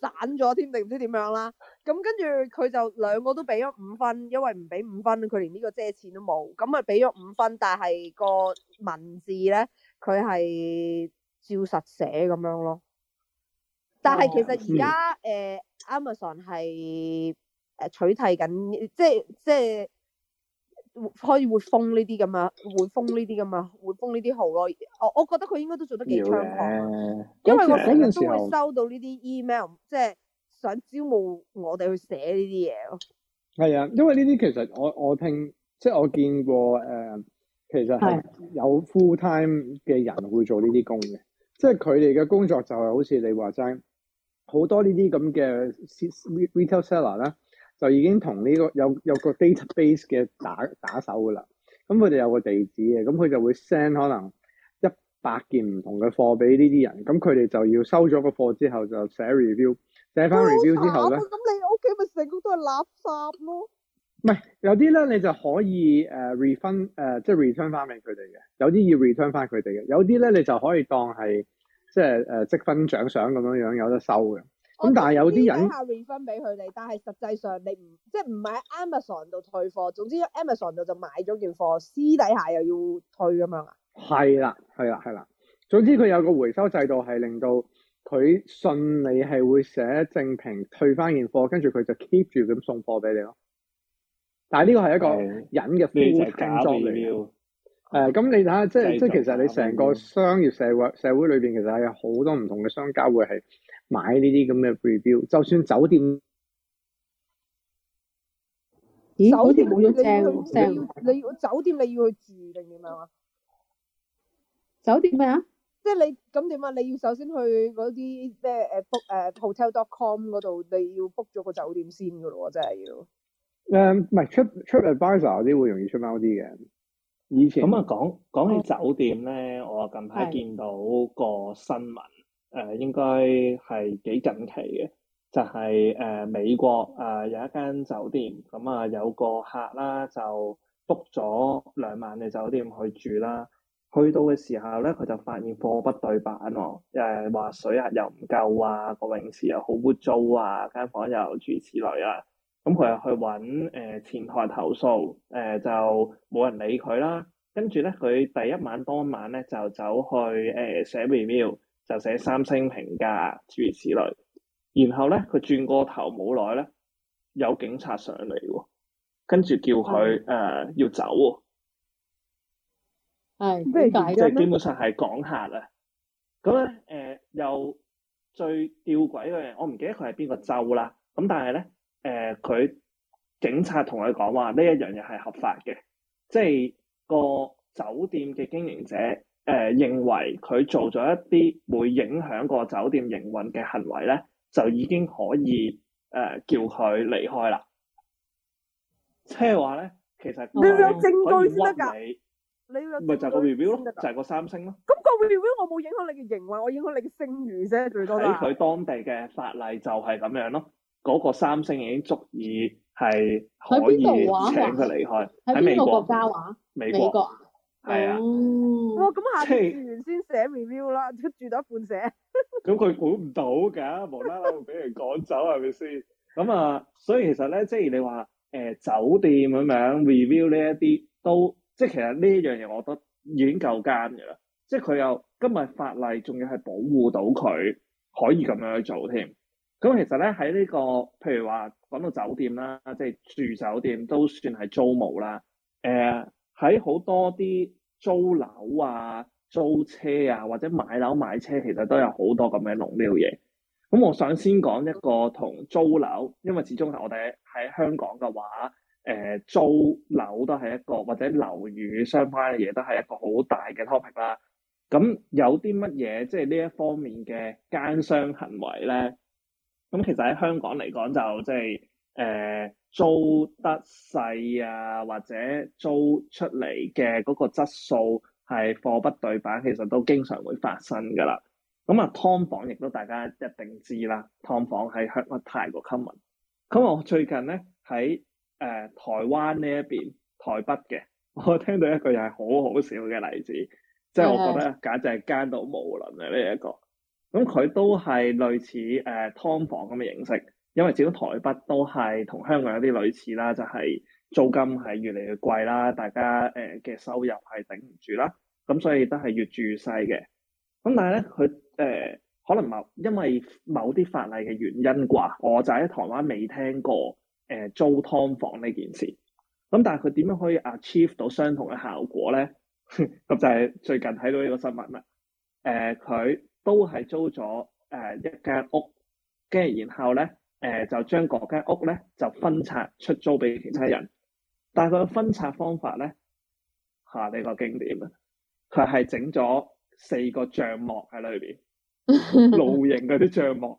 E: 散咗添，定唔知點樣啦。咁跟住佢就兩個都俾咗五分，因為唔俾五分，佢連呢個遮錢,都冇。咁啊俾咗五分，但係個文字咧，佢係照實寫咁樣咯。但係其實而家誒，Amazon 係誒取締緊，即係即係。可以會封呢啲咁啊，會封呢啲咁啊，會封呢啲號咯。我我覺得佢應該都做得幾猖
C: 狂，因為我成日都會收
E: 到呢啲 email，即係想招募我哋去寫呢啲嘢咯。
D: 係啊，因為呢啲其實我我聽即係我見過誒、呃，其實係有 full time 嘅人會做呢啲工嘅，即係佢哋嘅工作就係好似你話齋，好多呢啲咁嘅 retail seller 啦。就已經同呢個有有個 database 嘅打打手噶啦，咁佢哋有個地址嘅，咁佢就會 send 可能一百件唔同嘅貨俾呢啲人，咁佢哋就要收咗個貨之後就寫 review，寫翻 review 之後咧，
E: 咁你屋企咪成個都係垃圾咯。唔
D: 係，有啲咧你就可以誒 refund 誒、呃、即係 return 翻俾佢哋嘅，有啲要 return 翻佢哋嘅，有啲咧你就可以當係即係誒、呃、積分獎賞咁樣樣有得收嘅。咁但係有啲人，你俾
E: 下 refund 俾佢哋，但係 <music> 實際上你唔即係唔喺 Amazon 度退貨。總之 Amazon 度就買咗件貨，私底下又要退咁樣啊？
D: 係啦，係 <noise> 啦楽，係啦。總之佢有個回收制度係令到佢信你係會寫正評，退翻件貨，跟住佢就 keep 住咁送貨俾你咯。但係呢個係一個人嘅僞裝嚟嘅。誒，咁你睇下，即係即係其實你成個商業社會社會裏邊，其實係有好多唔同嘅商家會係。買呢啲咁嘅 review，就算酒店，咦酒店冇咗聲你
B: 要，清
E: 你要酒店你要去住定點樣啊？
B: 酒店咩啊？
E: 即係你咁點啊？你要首先去嗰啲咩誒 book 誒 hotel.com 嗰度，你要 book 咗個酒店先㗎咯，真係要。
D: 誒、呃，唔係 trip trip advisor 嗰啲會容易出貓啲嘅。以前咁啊，講
A: 講起酒店咧，我近排見到個新聞。誒應該係幾近期嘅，就係、是、誒、呃、美國啊、呃、有一間酒店，咁、嗯、啊、呃、有個客啦、呃、就 book 咗兩晚嘅酒店去住啦，去到嘅時候咧佢就發現貨不對板喎，誒、呃、話水壓又唔夠啊，個泳池又好污糟啊，間房又諸如此類啊，咁佢又去揾、呃、前台投訴，誒、呃、就冇人理佢啦，跟住咧佢第一晚當晚咧就走去誒、呃、寫 review。就寫三星評價諸如此類，然後咧佢轉過頭冇耐咧，有警察上嚟喎，跟住叫佢誒的、呃、要走
C: 喎。
A: 係的，即係基本上係講客啦。咁咧誒，又、呃、最吊詭嘅人，我唔記得佢係邊個州啦。咁但係咧，誒、呃、佢警察同佢講話呢一樣嘢係合法嘅，即係個酒店嘅經營者。誒、呃，認為佢做咗一啲會影響個酒店營運嘅行為咧，就已經可以誒、呃、叫佢離開啦。即係話咧，其實可以可以你,你要有證據先得噶。你要咪就個 review 咯行，就個三星咯。
E: 咁個 review 我冇影響你嘅營運，我影響你嘅聲譽啫，最多喺佢
A: 當地嘅法例就係咁樣咯。嗰、那個三星已經足以係可以請佢離開。喺、啊、邊個國,國家話、啊？美國,美國係
E: 啊，哇、哦！咁下次住完先寫 review 啦，即、就是、住到一半寫。
A: 咁佢估唔到㗎，無啦啦會俾人趕走係咪先？咁啊， <laughs> 所以其實咧，即係你話誒、呃、酒店咁樣 review 呢一啲，都即係其，其實呢樣嘢，我覺得已經夠奸㗎啦。即係佢又今日法例仲要係保護到佢可以咁樣去做添。咁其實咧喺呢個，譬如話講到酒店啦，即係住酒店都算係租務啦，誒、呃。喺好多啲租樓啊、租車啊，或者買樓買車，其實都有好多咁樣籠嘢。咁我想先講一個同租樓，因為始終係我哋喺香港嘅話，誒、呃、租樓都係一個或者樓宇相關嘅嘢，都係一個好大嘅 topic 啦。咁有啲乜嘢即係呢一方面嘅奸商行為咧？咁其實喺香港嚟講就即係。就是誒，租得細啊，或者租出嚟嘅嗰個質素係貨不對版，其實都經常會發生噶啦。咁啊，劏房亦都大家一定知啦，劏房係香港太過 common。咁我最近咧喺誒台灣呢一邊，台北嘅，我聽到一個又係好好笑嘅例子，即係我覺得簡直係奸到冇倫嘅呢一個。咁佢都係類似誒、呃、劏房咁嘅形式。因為始終台北都係同香港有啲類似啦，就係、是、租金係越嚟越貴啦，大家誒嘅收入係頂唔住啦，咁所以都係越住越細嘅。咁但係咧，佢誒、呃、可能某因為某啲法例嘅原因啩，我就喺台灣未聽過誒、呃、租劏房呢件事。咁但係佢點樣可以 achieve 到相同嘅效果咧？咁 <laughs> 就係最近睇到一個新聞啦。誒、呃，佢都係租咗誒、呃、一間屋，跟住然後咧。誒、呃、就將嗰間屋咧就分拆出租俾其他人，但係佢嘅分拆方法咧嚇呢個，啊，經典啊！佢係整咗四個帳幕喺裏邊露營嗰啲帳幕，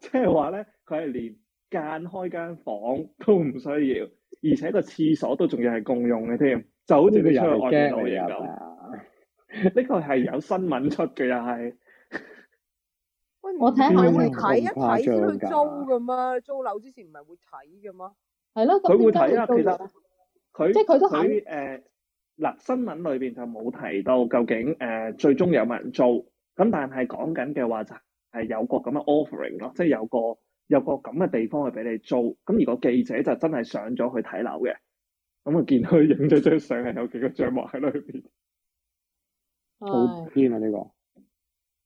A: 即係話咧佢係連間開間房都唔需要，而且個廁所都仲要係共用嘅添，就好似佢出去外邊露營咁。呢個係有新聞出嘅又係。我睇下先，睇一睇先去
E: 租噶嘛？租樓之前唔係會睇噶嗎？
C: 係咯，咁點解？其實
A: 佢即係佢都喺誒，嗱，新聞裏邊就冇提到究竟誒最終有冇人租？咁但係講緊嘅話就係有個咁嘅 offering 咯，即係有個有個咁嘅地方去俾你租。咁如果記者就真係上咗去睇樓嘅，咁啊見到佢影咗張相係有幾個帳幕喺裏邊，好偏啊呢個。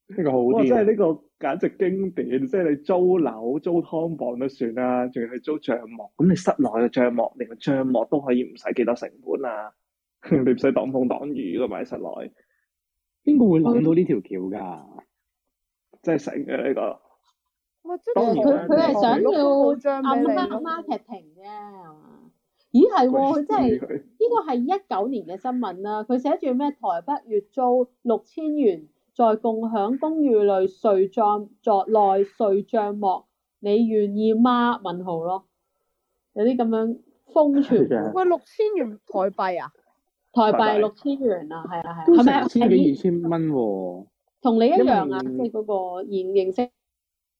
A: 呢個好哇！真係呢個簡直經典，即係你租樓、租劏房都算啦，仲要係租帳幕。咁你室內嘅帳幕，連個帳幕都可以唔使幾多成本啊，你唔使擋風擋雨㗎嘛，喺室內。邊個會諗到呢條橋噶？真係醒嘅呢
C: 個。當
B: 然佢佢係想要啱 marketing 嘅係嘛？咦係喎，佢、啊、真係呢個係一九年嘅新聞啦、啊。佢寫住咩？台北月租六千元。在共享公寓內睡帳作內睡帳幕，你願意嗎？問號咯，有啲咁樣封存嘅？的喂，六千元台幣啊，台幣六千元啊，係的啊係，係咪千幾二
A: 千蚊？
B: 同你一樣啊，即係嗰個現形式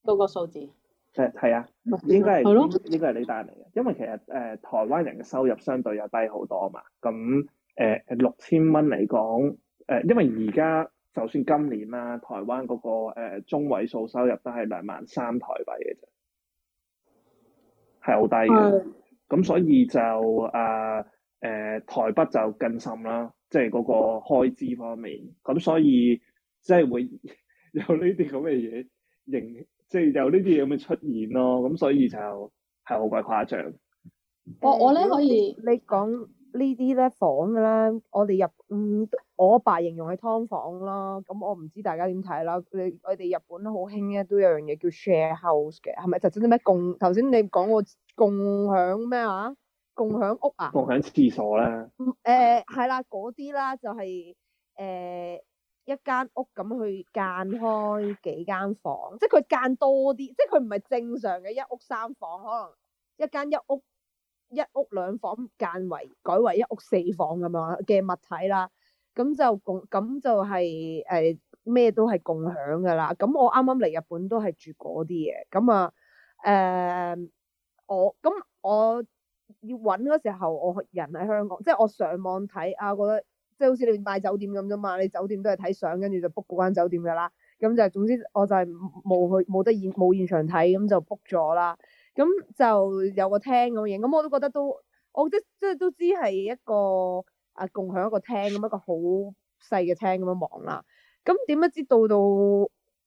B: 嗰個數字。
A: 誒係啊，應該係，6, 應該係你帶嚟嘅，因為其實誒、呃、台灣人嘅收入相對又低好多嘛。咁誒六千蚊嚟講，誒、呃呃、因為而家。就算今年啦，台灣嗰、那個、呃、中位數收入都係兩萬三台幣嘅啫，係好低嘅。咁的所以就啊誒、呃呃、台北就更甚啦，即係嗰個開支方面。咁所以即係會有呢啲咁嘅嘢，形即係、就是、有呢啲咁嘅出現咯。咁所以就係好鬼誇張、
B: 哦。我我呢可以，
E: 你講。呢啲咧房咧，我哋入，嗯，我阿爸，爸形容係劏房啦。咁、嗯嗯、我唔知大家點睇啦。你我哋日本都好興嘅有樣嘢叫 share house 嘅，係咪就即係咩共頭先你講過共享咩話、啊？共享屋啊？共享
A: 廁所咧？
E: 誒係、嗯呃、啦，嗰啲啦就係、是、誒、呃、一間屋咁去間開幾間房，即係佢間多啲，即係佢唔係正常嘅一屋三房，可能一間一屋。一屋兩房間為改為一屋四房咁樣嘅物體啦，咁就共咁就係誒咩都係共享噶啦。咁我啱啱嚟日本都係住嗰啲嘢。咁啊誒、呃、我咁我要揾嗰時候我人喺香港，即係我上網睇啊，我覺得即係好似你買酒店咁咋嘛，你酒店都係睇相跟住就 book 嗰間酒店噶啦，咁就總之我就係冇去冇得現冇現場睇，咁就 book 咗啦。咁就有個廳咁影，咁我都覺得都，我覺得即係都知係一個啊共享一個廳咁一個好細嘅廳咁樣望啦。咁點樣知道到到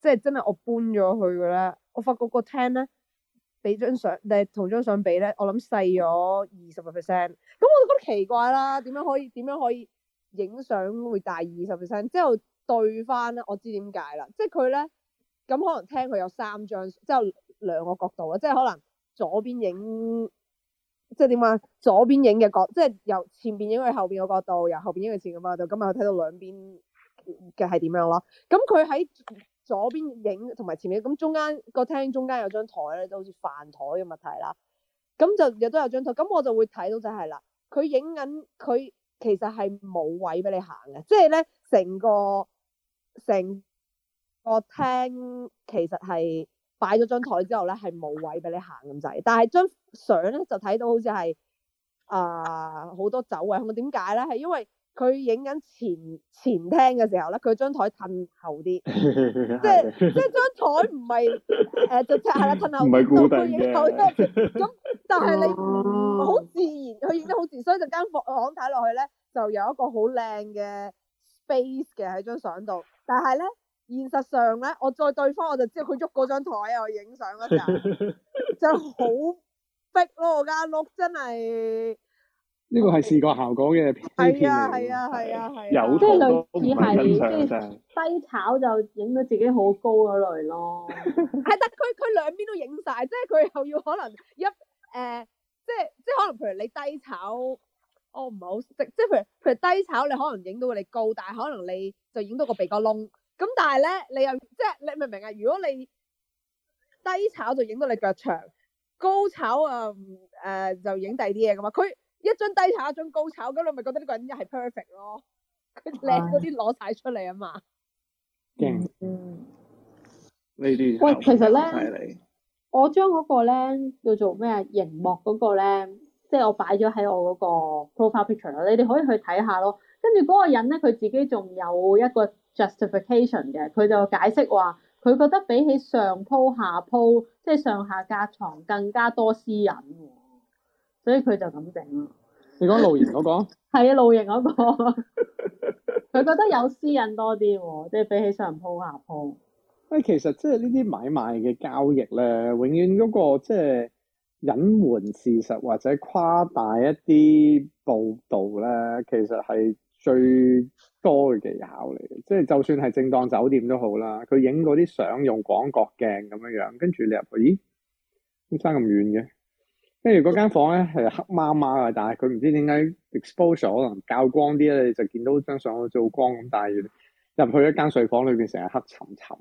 E: 即係真係我搬咗去嘅咧，我發覺個廳咧俾張相，誒同張相比咧，我諗細咗二十個 percent。咁我都覺得奇怪啦，點樣可以點樣可以影相會大二十 percent？之後對翻咧，我知點解啦，即係佢咧咁可能廳佢有三張，之後兩個角度啊，即係可能。左邊影，即係點啊？左邊影嘅角，即係由前邊影去後邊嘅角度，由後邊影去前面嘅角度，咁咪睇到兩邊嘅係點樣咯。咁佢喺左邊影同埋前面。咁中間個廳中間有張台咧，都好似飯台嘅問題啦。咁、嗯、就亦都有張台，咁、嗯、我就會睇到、就是，就係、是、啦，佢影緊佢其實係冇位俾你行嘅，即係咧成個成個廳其實係。擺咗張台之後咧，係冇位俾你行咁滯。但係張相咧就睇到好似係啊好多走位，咁點解咧？係因為佢影緊前前廳嘅時候咧，佢張台褪後啲，即係即係張台唔係誒，就即係啦褪後，唔係固定嘅。咁但係你好自然，佢影得好自然，所以就間房睇落去咧，就有一個好靚嘅 space 嘅喺張相度。但係咧。現實上咧，我再對方我就知道佢喐嗰張台啊，我影相嗰時候，真係好逼咯。我間屋真
B: 係
D: 呢個係視覺效果嘅 P P 片嚟
B: 嘅，即係、啊、類似係低炒就影到自己好高嗰類咯。係， <laughs> 得佢佢兩邊都影晒，即係佢又要可能一誒、呃，即係
E: 即係可能譬如你低炒，我唔係好識，即係譬如譬如低炒你可能影到你高，但係可能你就影到，就到個鼻哥窿。咁、嗯、但係咧，你又即係你明唔明啊？如果你低炒就影到你腳長，高炒啊誒、嗯呃、就影第啲嘢噶嘛。佢一張低炒一張高炒，咁你咪覺得呢個人一係 perfect 咯？佢
B: 靚嗰啲攞晒出嚟啊嘛。嗯，呢
C: 啲、嗯、喂，其實咧
B: 我將嗰個咧叫做咩熒幕嗰個咧，即係我擺咗喺我嗰個 profile picture 啦。你哋可以去睇下咯。跟住嗰個人咧，佢自己仲有一個。justification 嘅，佢就解釋話，佢覺得比起上鋪下鋪，即係上下隔床更加多私隱，所以佢就咁整。
D: 你講露營嗰個？
B: 係啊， <laughs> 露營嗰個，佢 <laughs> <laughs> 覺得有私隱多啲喎，即係比起上鋪下鋪。
D: 喂，其實即係呢啲買賣嘅交易咧，永遠嗰個即係隱瞞事實或者誇大一啲報導咧，其實係最多嘅技巧嚟嘅，即係就算係正當酒店都好啦，佢影嗰啲相用廣角鏡咁樣樣，跟住你入去，咦，點生咁遠嘅？跟住嗰間房咧係黑麻麻嘅，但係佢唔知點解 exposure 可能較光啲咧，你就見到張相好似好光咁，但係入去一間睡房裏邊成日黑沉沉。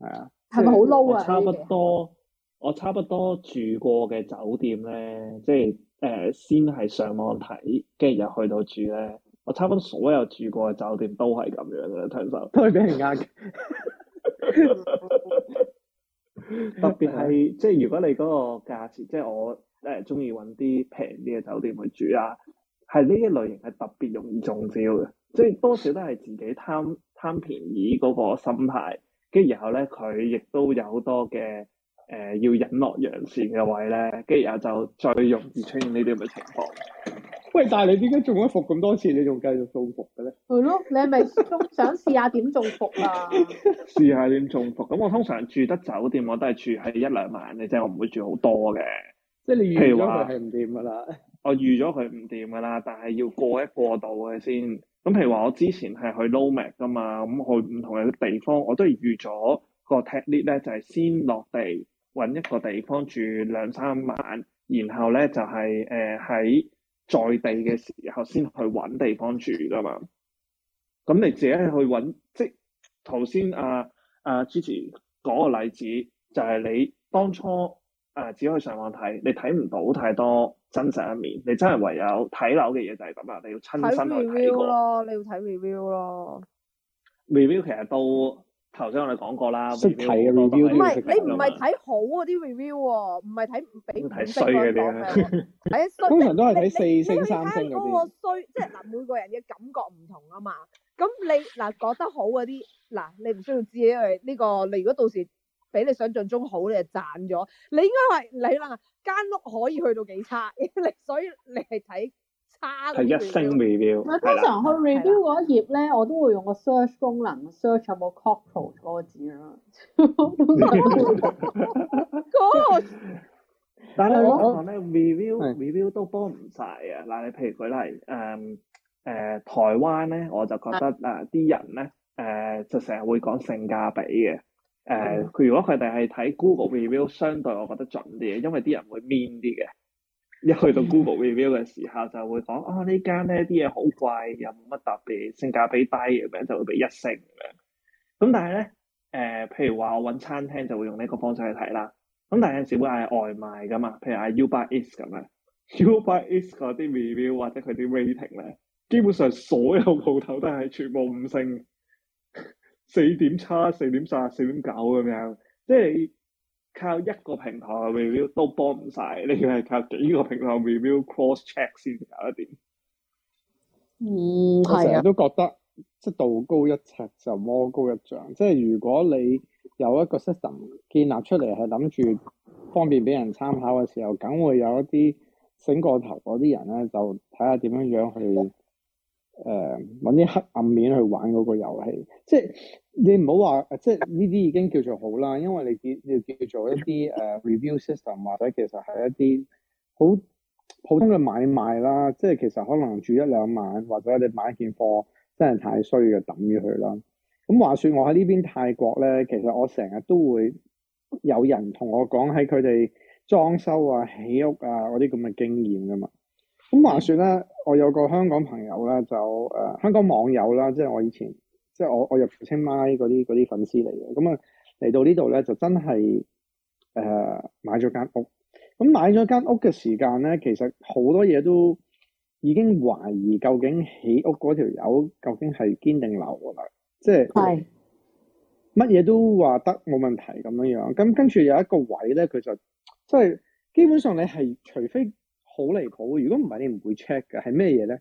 D: 係啊，
B: 係咪好 low 啊？差不
A: 多，我差不多住過嘅酒店咧，即係誒、呃，先係上網睇，跟住又去到住咧。我差唔多所有住過嘅酒店都係咁樣嘅，通常都係俾人呃嘅。
C: <laughs> <laughs> 特別係
A: 即係如果你嗰個價錢，即係我誒中意揾啲平啲嘅酒店去住啊，係呢一類型係特別容易中招嘅，即係多少都係自己貪貪便宜嗰個心態，跟住然後咧佢亦都有好多嘅。誒、呃，要隱落揚線嘅位咧，跟住然就最容易出現呢啲咁嘅情況。
D: 喂，但係你點解中咗伏咁多次，你仲繼續中伏嘅咧？
B: 係 <laughs> 咯， <laughs> 你係咪想試下點中伏啊？
A: 試下點中伏？咁我通常住得酒店，我都係住喺一兩晚，你即係我唔會住好多嘅。即係你預咗佢係唔掂噶啦？我預咗佢唔掂噶啦，但係要過一過度嘅先。咁譬如話我之前係去 Low Mac 噶嘛，咁去唔同嘅地方，我都預咗個 check list 咧，就係、是、先落地。揾一個地方住兩三晚，然後咧就係誒喺在地嘅時候先去揾地方住噶嘛。咁你自己去揾，即係頭先阿阿 Gigi 嗰個例子，就係、是、你當初誒、啊、只可以上網睇，你睇唔到太多真實一面。你真係唯有睇樓嘅嘢就係咁啊，你要親身去睇咯，
E: 你要睇 review 咯。
A: Review 其實都～頭先我哋
E: 講過啦，睇唔係你唔係睇好嗰啲 review 喎，唔係睇俾衰嘅啲啊，通常都係睇四星三星嗰啲。因為睇嗰個衰，即係嗱每個人嘅感覺唔同啊嘛。咁 <laughs> 你嗱覺得好嗰啲，嗱你唔需要知，因為呢個你如果到時比你想像中好，你就賺咗。你應該係你諗啊，間屋可以去到幾差
B: <laughs> 你所以你係睇。
E: 係一
A: 星 review，通常去
B: review 嗰頁咧，我都會用個 search 功能，search 有冇 cocktail 嗰個
C: 字咯。God！但係我想講咧，review
A: review 都幫唔晒啊。嗱，你譬如舉例，誒誒，台灣咧，我就覺得啊，啲人咧，誒就成日會講性價比嘅。誒，佢如果佢哋係睇 Google review，相對我覺得準啲嘅，因為啲人會 mean 啲嘅。 <music> 一去到 Google Review 嘅時候，就會講啊、哦、呢間咧啲嘢好貴，又冇乜特別，性價比低嘅名就會俾一星。咁但係咧，誒、呃、譬如話我揾餐廳就會用呢個方式去睇啦。咁但係有時會嗌外賣㗎嘛，譬如嗌 Uber Eats 咁樣，Uber Eats 嗰啲 Review 或者佢啲 Rating 咧，基本上所有鋪頭都係全部五星、四點差、四點三、四點九咁樣，即係。靠一個平台 review 都幫唔晒，你要係靠幾個平台 review cross check 先搞
C: 得掂。嗯，我成日都
A: 覺得
D: 即係道高一尺就魔高一丈，即係如果你有一個 system 建立出嚟係諗住方便俾人參考嘅時候，梗會有一啲醒過頭嗰啲人咧，就睇下點樣樣去。誒搵啲黑暗面去玩嗰個遊戲，即係你唔好話，即係呢啲已經叫做好啦，因為你叫你叫做一啲誒、uh, review system 或者其實係一啲好普通嘅買賣啦，即係其實可能住一兩晚或者你買件貨真係太衰嘅，等於佢啦。咁話說我喺呢邊泰國咧，其實我成日都會有人同我講喺佢哋裝修啊、起屋啊嗰啲咁嘅經驗㗎嘛。咁話說咧，我有個香港朋友咧，就誒、呃、香港網友啦，即係我以前，即係我我入清邁嗰啲嗰啲粉絲嚟嘅。咁啊嚟到呢度咧，就真係誒、呃、買咗間屋。咁買咗間屋嘅時間咧，其實好多嘢都已經懷疑究竟起屋嗰條友究竟係堅定樓㗎嘛，即係係乜嘢都話得冇問題咁樣樣。咁跟住有一個位咧，佢就即係、就係、基本上你係除非。好離譜！如果唔係，你唔會 check 嘅，係咩嘢咧？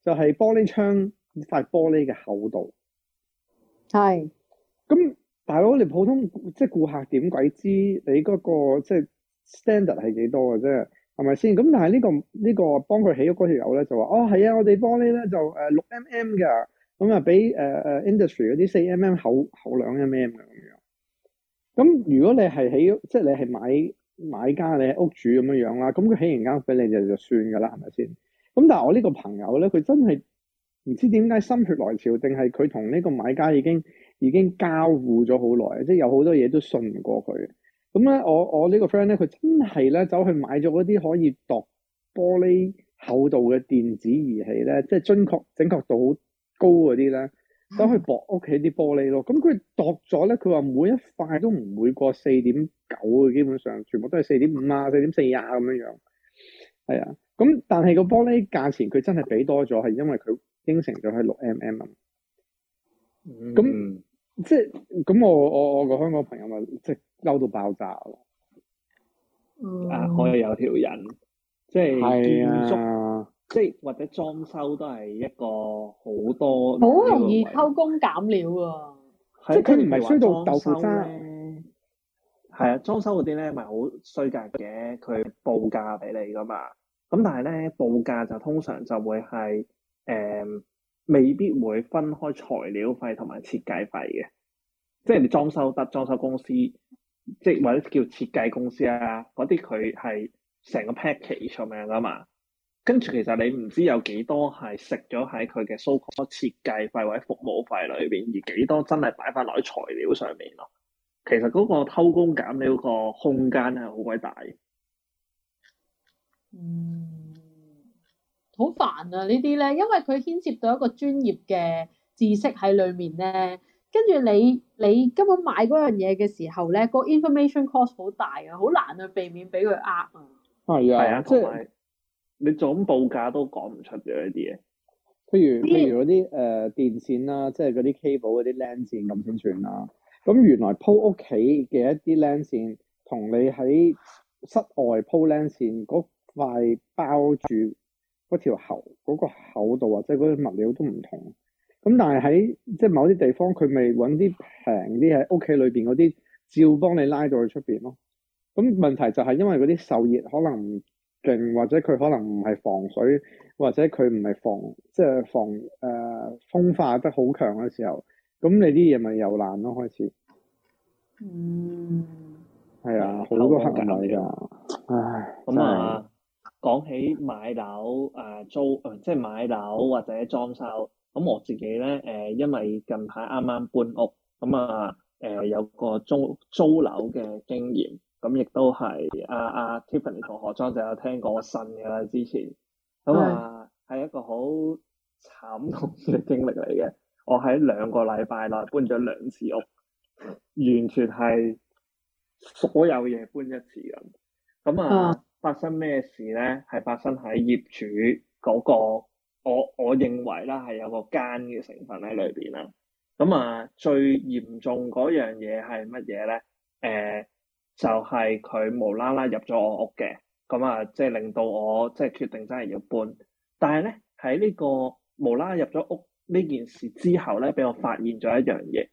D: 就係玻璃窗塊玻璃嘅厚度。
C: 係。
D: 咁，大佬你普通即係顧客點鬼知你嗰個即係 standard 係幾多嘅啫？係咪先？咁但係呢個呢個幫佢起咗嗰條友咧就話：哦係啊，我哋玻璃咧就誒六 mm 噶。咁啊俾誒誒 industry 嗰啲四 mm 厚厚兩 mm 嘅咁樣。咁如果你係起即係你係買。買家你喺屋主咁樣樣啦，咁佢起完間屋俾你就就算㗎喇，係咪先？咁但係我呢個朋友咧，佢真係唔知點解心血來潮，定係佢同呢個買家已經已經交互咗好耐，即係有好多嘢都信唔過佢。咁咧，我我呢個 friend 咧，佢真係咧走去買咗嗰啲可以度玻璃厚度嘅電子儀器咧，即係準確準確度好高嗰啲咧。都去薄屋企啲玻璃咯，咁佢度咗咧，佢話每一塊都唔會過四點九嘅，基本上全部都係四點五啊、四點四啊咁樣樣。係啊，咁但係個玻璃價錢佢真係俾多咗，係因為佢應承咗係六 mm 啊。咁、嗯、即係咁，我我我個香港朋友咪即
A: 係嬲到爆
D: 炸咯。
C: 啊、嗯，嗯、可以有
D: 條人，
A: 即係建築。即係或者裝修都係一個好多好容易偷
B: 工減料喎，
A: 即係佢唔係衰到豆腐渣。係啊，它 裝修嗰啲咧咪好衰格嘅，佢報價俾你噶嘛。咁但係咧報價就通常就會係誒、嗯、未必會分開材料費同埋設計費嘅。即係你裝修得裝修公司，即係或者叫設計公司啊，嗰啲佢係成個 package 咁樣噶嘛。跟住，其實你唔知有幾多係食咗喺佢嘅 so called 設計費或者服務費裏邊，而幾多真係擺翻落喺材料上面咯。其實嗰個偷工減料個空間係好鬼大。嗯，
B: 好煩啊！呢啲咧，因為佢牽涉到一個專業嘅知識喺裏面咧。跟住你你根本買嗰樣嘢嘅時候咧，個 information cost 好大啊，好難去避免俾佢呃啊。係、嗯、
A: 啊，即係、就是。你做緊報價都講唔出嘅呢啲嘢，譬如譬如嗰啲誒
D: 電線啦、啊，即係嗰啲 cable 嗰啲 LAN 線咁先算啦。咁、啊、原來鋪屋企嘅一啲 LAN 線、啊，同你喺室外鋪 LAN 線嗰、啊、塊包住嗰條喉嗰個厚度或者嗰啲物料都唔同。咁但係喺即係某啲地方佢咪揾啲平啲喺屋企裏邊嗰啲，照幫你拉到去出邊咯。咁問題就係因為嗰啲受熱可能，勁，或者佢可能唔係防水，或者佢唔係防即係、就是、防誒、呃、風化得好強嘅時候，咁你啲嘢咪又爛咯開始。嗯。係啊，好多黑米㗎，唉、嗯。
A: 咁啊，啊，講起買樓誒租、呃、即係買樓或者裝修，咁我自己咧誒、呃，因為近排啱啱搬屋，咁啊誒、呃、有個租租樓嘅經驗。咁亦都係阿阿 Tiffany 同學莊就有聽過信嘅啦，之前咁啊，係、嗯是嗯、一個好慘痛嘅經歷嚟嘅。我喺兩個禮拜內搬咗兩次屋，完全係所有嘢搬一次咁。咁、嗯嗯、啊，發生咩事咧？係發生喺業主嗰、嗰個，我我認為啦，係有個奸嘅成分喺裏邊啦。
C: 咁、嗯、啊、嗯，
A: 最嚴重嗰樣嘢係乜嘢咧？誒、呃。就係佢無啦啦入咗我屋嘅，咁啊即係令到我即係決定真係要搬。但係咧喺呢個無啦啦入咗屋呢件事之後咧，俾我發現咗一樣嘢。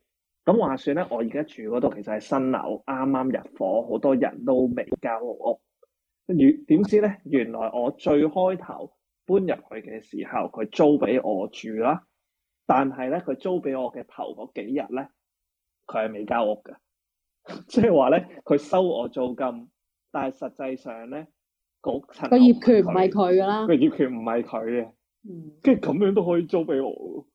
A: 咁話說咧，我而家住嗰度其實係新樓，啱啱入伙，好多人都未交屋。跟住點知咧，原來我最開頭搬入去嘅時候，佢租俾我住啦。但係咧，佢租俾我嘅頭嗰幾日咧，佢係未交屋㗎。即係話咧，佢收我租金，但係實際上咧，層個業權唔係佢噶啦，個業權唔係佢嘅。嗯，即係咁樣都可以租俾我，
B: 我。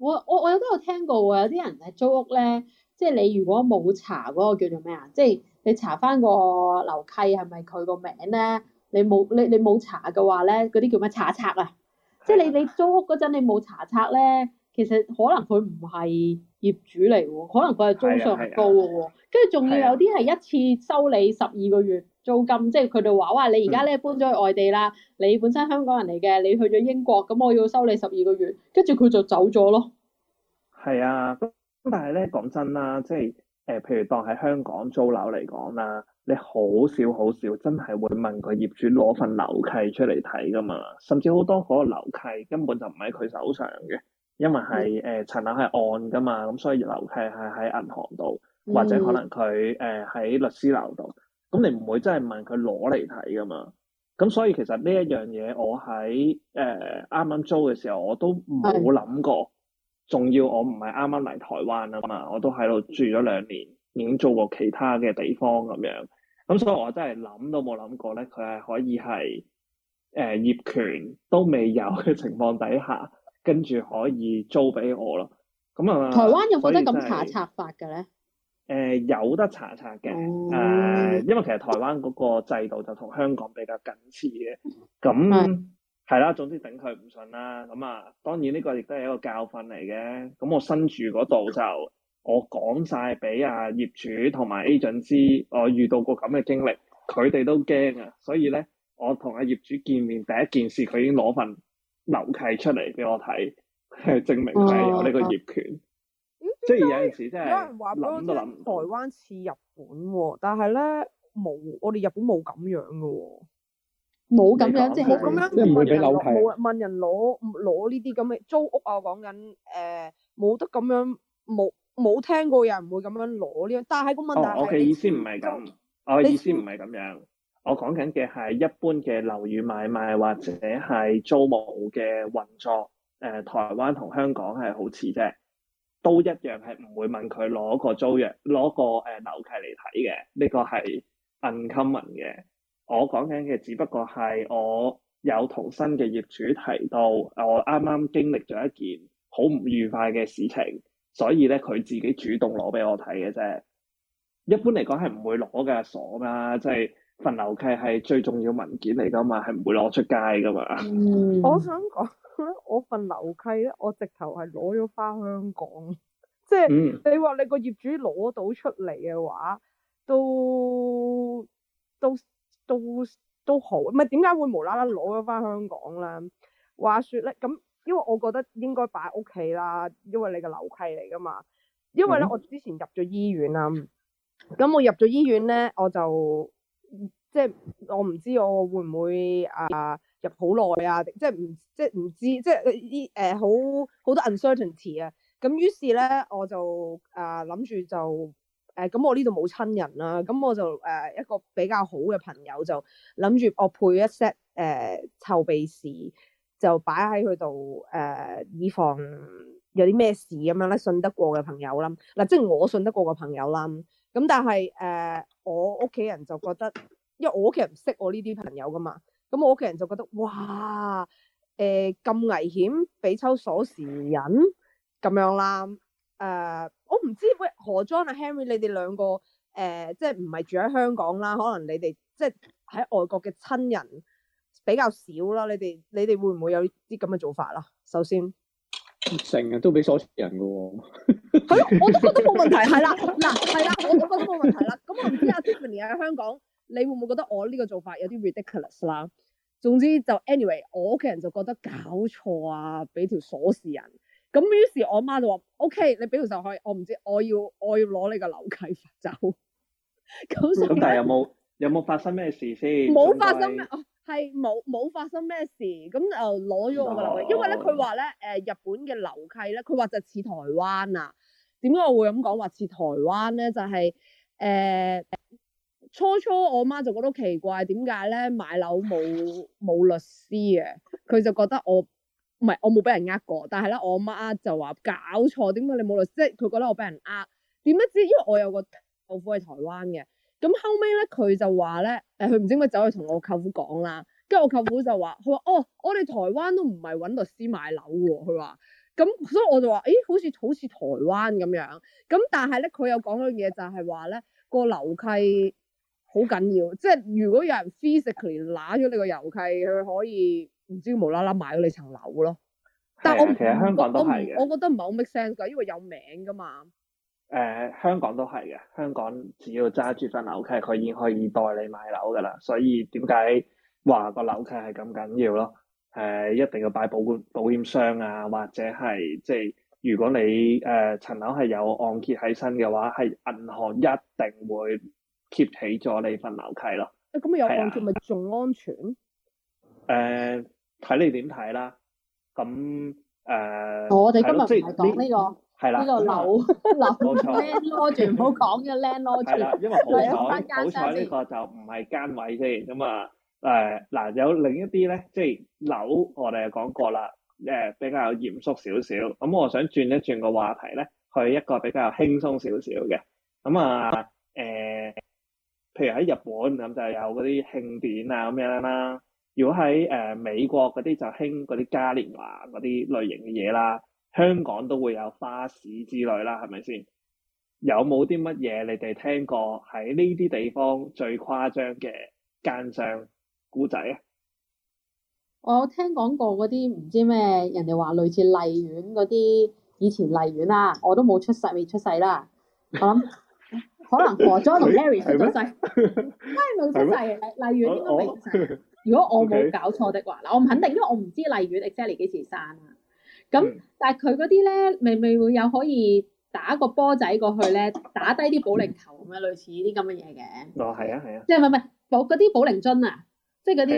B: 我我我都有聽過嘅，有啲人係租屋咧，即係你如果冇查嗰個叫做咩啊， <laughs> 即係你查翻個樓契係咪佢個名咧？你冇你你冇查嘅話咧，嗰啲叫咩查冊啊？即係你你租屋嗰陣你冇查冊咧。其實可能佢唔係業主嚟喎，可能佢係租上高嘅喎，跟住仲要有啲係一次收你十二個月租金，即係佢哋話哇，你而家咧搬咗去外地啦，嗯、你本身香港人嚟嘅，你去咗英國，咁我要收你十二個月，
A: 跟住佢就走咗咯。係啊，咁但係咧講真啦，即係誒，譬如當喺香港租樓嚟講啦，你好少好少真係會問個業主攞份樓契出嚟睇㗎嘛，甚至好多嗰個樓契根本就唔喺佢手上嘅。因為係誒層樓係按㗎嘛，咁所以樓契係喺銀行度，
C: 或者可能
A: 佢誒喺律師樓度。咁你唔會真係問佢攞嚟睇㗎嘛？咁所以其實呢一樣嘢，我喺誒啱啱租嘅時候，我都冇諗過。仲是要，我唔係啱啱嚟台灣啊嘛，我都喺度住咗兩年，已經租過其他嘅地方咁樣。咁所以我真係諗都冇諗過咧，佢係可以係誒、呃、業權都未有嘅情況底下。 <laughs> 跟住可以租俾我咯，咁啊，台灣有冇得咁查冊
B: 法嘅咧？
A: 誒、呃，有得查冊嘅，誒、oh. 呃，因為其實台灣嗰個制度就同香港比較近似嘅，咁係啦，總之頂佢唔順啦，咁啊，當然呢個亦都係一個教訓嚟嘅，咁我身住嗰度就我講晒俾阿業主同埋 agent 知我遇到過咁嘅經歷，佢哋都驚啊，所以咧，我同阿業主見面第一件事，佢已經攞份。樓契出嚟俾我睇，係證明佢係有呢個業權。即係有陣時，即係諗都諗。
E: 台灣似日本喎，但係咧冇，我哋日本冇咁樣嘅喎。
B: 冇咁樣，即係冇咁樣。即係唔俾樓契。
E: 問人攞攞呢啲咁嘅租屋啊，講緊誒，冇得咁樣，冇冇聽過有人會咁樣攞呢樣。但係個問題係，哦，我嘅意思唔係
A: 咁。我嘅意思唔係咁樣。我講緊嘅係一般嘅樓宇買賣或者係租務嘅運作，誒、呃，台灣同香港係好似啫，都一樣係唔會問佢攞個租約、攞個誒樓契嚟睇嘅。呢個係 uncommon 嘅。我講緊嘅只不過係我有同新嘅業主提到，我啱啱經歷咗一件好唔愉快嘅事情，所以咧佢自己主動攞俾我睇嘅啫。一般嚟講係唔會攞㗎，傻啦，即係。份樓契係最重要文件嚟噶嘛，係唔會攞出街噶嘛。
E: 嗯、 <laughs> 我想講，我份樓契咧，我直頭係攞咗翻香港。即 <laughs> 係你話你個業主攞到出嚟嘅話，都都都都好。唔係點解會無啦啦攞咗翻香港咧？話說咧，咁因為我覺得應該擺喺屋企啦，因為你個樓契嚟噶嘛。
C: 因為咧，嗯、我
E: 之前入咗醫院啦，咁我入咗醫院咧，我就。即係我唔知我會唔會啊入好耐啊，即係唔即係唔知即係呢，誒好好多 uncertainty 啊，咁於是咧我就、呃就呃、我啊諗住就誒咁我呢度冇親人啦，咁我就誒、呃、一個比較好嘅朋友就諗住我配一 set 誒鎖匙，就擺喺佢度誒，以防有啲咩事咁樣咧，信得過嘅朋友啦、啊，嗱、啊、即係我信得過嘅朋友啦、啊。咁、嗯、但係誒、呃，我屋企人就覺得，因為我屋企人唔識我呢啲朋友噶嘛，咁、嗯、我屋企人就覺得，哇，誒、呃、咁危險，俾抽鎖匙引咁樣啦，誒、呃，我唔知喂何莊啊 Henry，你哋兩個誒、呃，即係唔係住喺香港啦，可能你哋即係喺外國嘅親人比較少啦，你哋你哋會唔會有啲咁嘅做法啦？首先。
D: 剩啊，都俾鎖匙人噶喎。係
E: 咯，我都覺得冇問題，係啦，嗱， <laughs> 係啦、啊，我都覺得冇問題啦。咁我唔知阿 Tiffany 喺香港，你會唔會覺得我呢個做法有啲 ridiculous 啦？總之就 anyway，我屋企人就覺得搞錯啊，俾條鎖匙人。咁於是我媽就話：，OK，你俾條手可我唔知我要我要攞你個樓契走。
A: 咁咁，但係有冇有冇發生咩事先？冇 <laughs> 發生咩。
E: 係冇冇發生咩事，咁就攞咗我嘅樓契，因為咧佢話咧，誒、呃，日本嘅樓契咧，佢話就似台灣啊。點解我會咁講話似台灣咧？就係、是、誒、呃，初初我媽就覺得奇怪，點解咧買樓冇冇律師嘅？佢就覺得我唔係我冇俾人呃過，但係咧我阿媽就話搞錯，點解你冇律師？即係佢覺得我俾人呃，點不知？因為我有個舅父喺台灣嘅。咁後尾咧，佢就話咧，誒，佢唔知點解走去同我舅父講啦，跟住我舅父就話，佢話，哦，我哋台灣都唔係揾律師買樓喎，佢話，咁、啊、所以我就話，誒，好似好似台灣咁樣，咁、啊、但係咧，佢有講一樣嘢，就係話咧，個樓契好緊要，即係如果有人 physically 揦咗你個樓契，佢可以唔知無啦啦買咗你層樓咯。
C: 但係我覺其實香港都係我，
E: 我覺得唔係好 make sense 㗎，因為有名㗎嘛。
A: 誒、呃，香港都係嘅。香港只要揸住份樓契，佢已經可以代你買樓噶啦。所以點解話個樓契係咁緊要咯？誒、呃，一定要擺保保保險箱啊，或者係即係，如果你誒層樓係有按揭喺身嘅話，係銀行一定會 keep 起咗你份樓契咯。
E: 咁有按揭咪仲安全？
A: 誒、啊，睇、呃、你點睇啦。咁誒，呃、我哋今日唔係講呢個。係啦，呢個樓
B: 樓靚攞住唔好講嘅靚攞住。係啦，因為好彩，好彩呢個
A: 就唔係間位先。咁啊，誒嗱，有另一啲咧，即係樓，我哋係講過啦。誒，比較嚴肅少少。咁我想轉一轉個話題咧，去一個比較輕鬆少少嘅。咁啊，誒，譬如喺日本咁就有嗰啲慶典啊咁樣啦。如果喺誒美國嗰啲就興嗰啲嘉年華嗰啲類型嘅嘢啦。香港都會有花市之類啦，係咪先？有冇啲乜嘢你哋聽過喺呢啲地方最誇張嘅奸商古仔啊？
B: 我聽講過嗰啲唔知咩，人哋話類似麗苑嗰啲，以前麗苑啦，我都冇出世，未出世啦。我諗可能何莊同 Larry 未出世，真係未出世。麗麗嗎苑應該未
C: 出
B: 世。我如果我冇搞錯的話，嗱，Okay. 我唔肯定，因為我唔知麗苑 exactly 幾時生啊。咁，但係佢嗰啲咧，咪未會有可以打個波仔過去咧，打低啲保齡球咁樣，類似啲咁嘅嘢嘅。哦，係啊，係啊，即係唔係保嗰啲保齡樽啊？即係嗰啲，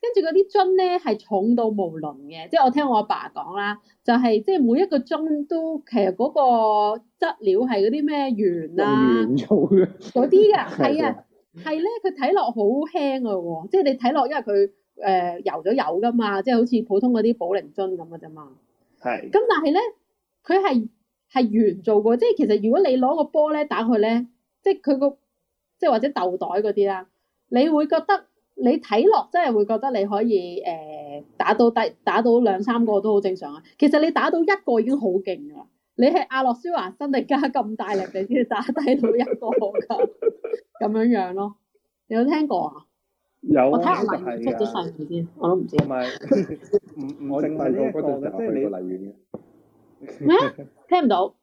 B: 跟住嗰啲樽咧係重到無倫嘅。即係我聽我阿爸講啦，就係即係每一個樽都其實嗰個質料係嗰啲咩鉛啊，鉛
C: 做嘅嗰啲㗎，係啊，
B: 係咧，佢睇落好輕嘅喎，即係你睇落，因為佢誒油咗油㗎嘛，即係好似普通嗰啲保齡樽咁嘅啫嘛。咁但係咧，佢係係圓做過，即係其實如果你攞個波咧打佢咧，即係佢個即係或者豆袋嗰啲啦，你會覺得你睇落真係會覺得你可以誒、呃、打到低打到兩三個都好正常啊。其實你打到一個已經好勁噶啦，你係阿諾舒華辛力加咁大力你先打低到一個噶咁樣樣咯，你有聽過啊？
C: 有，我
B: 睇下例，出咗晒嘅先，我都唔知。唔係，我唔，我淨係呢個，即係你荔園
D: 嘅咩？聽唔到，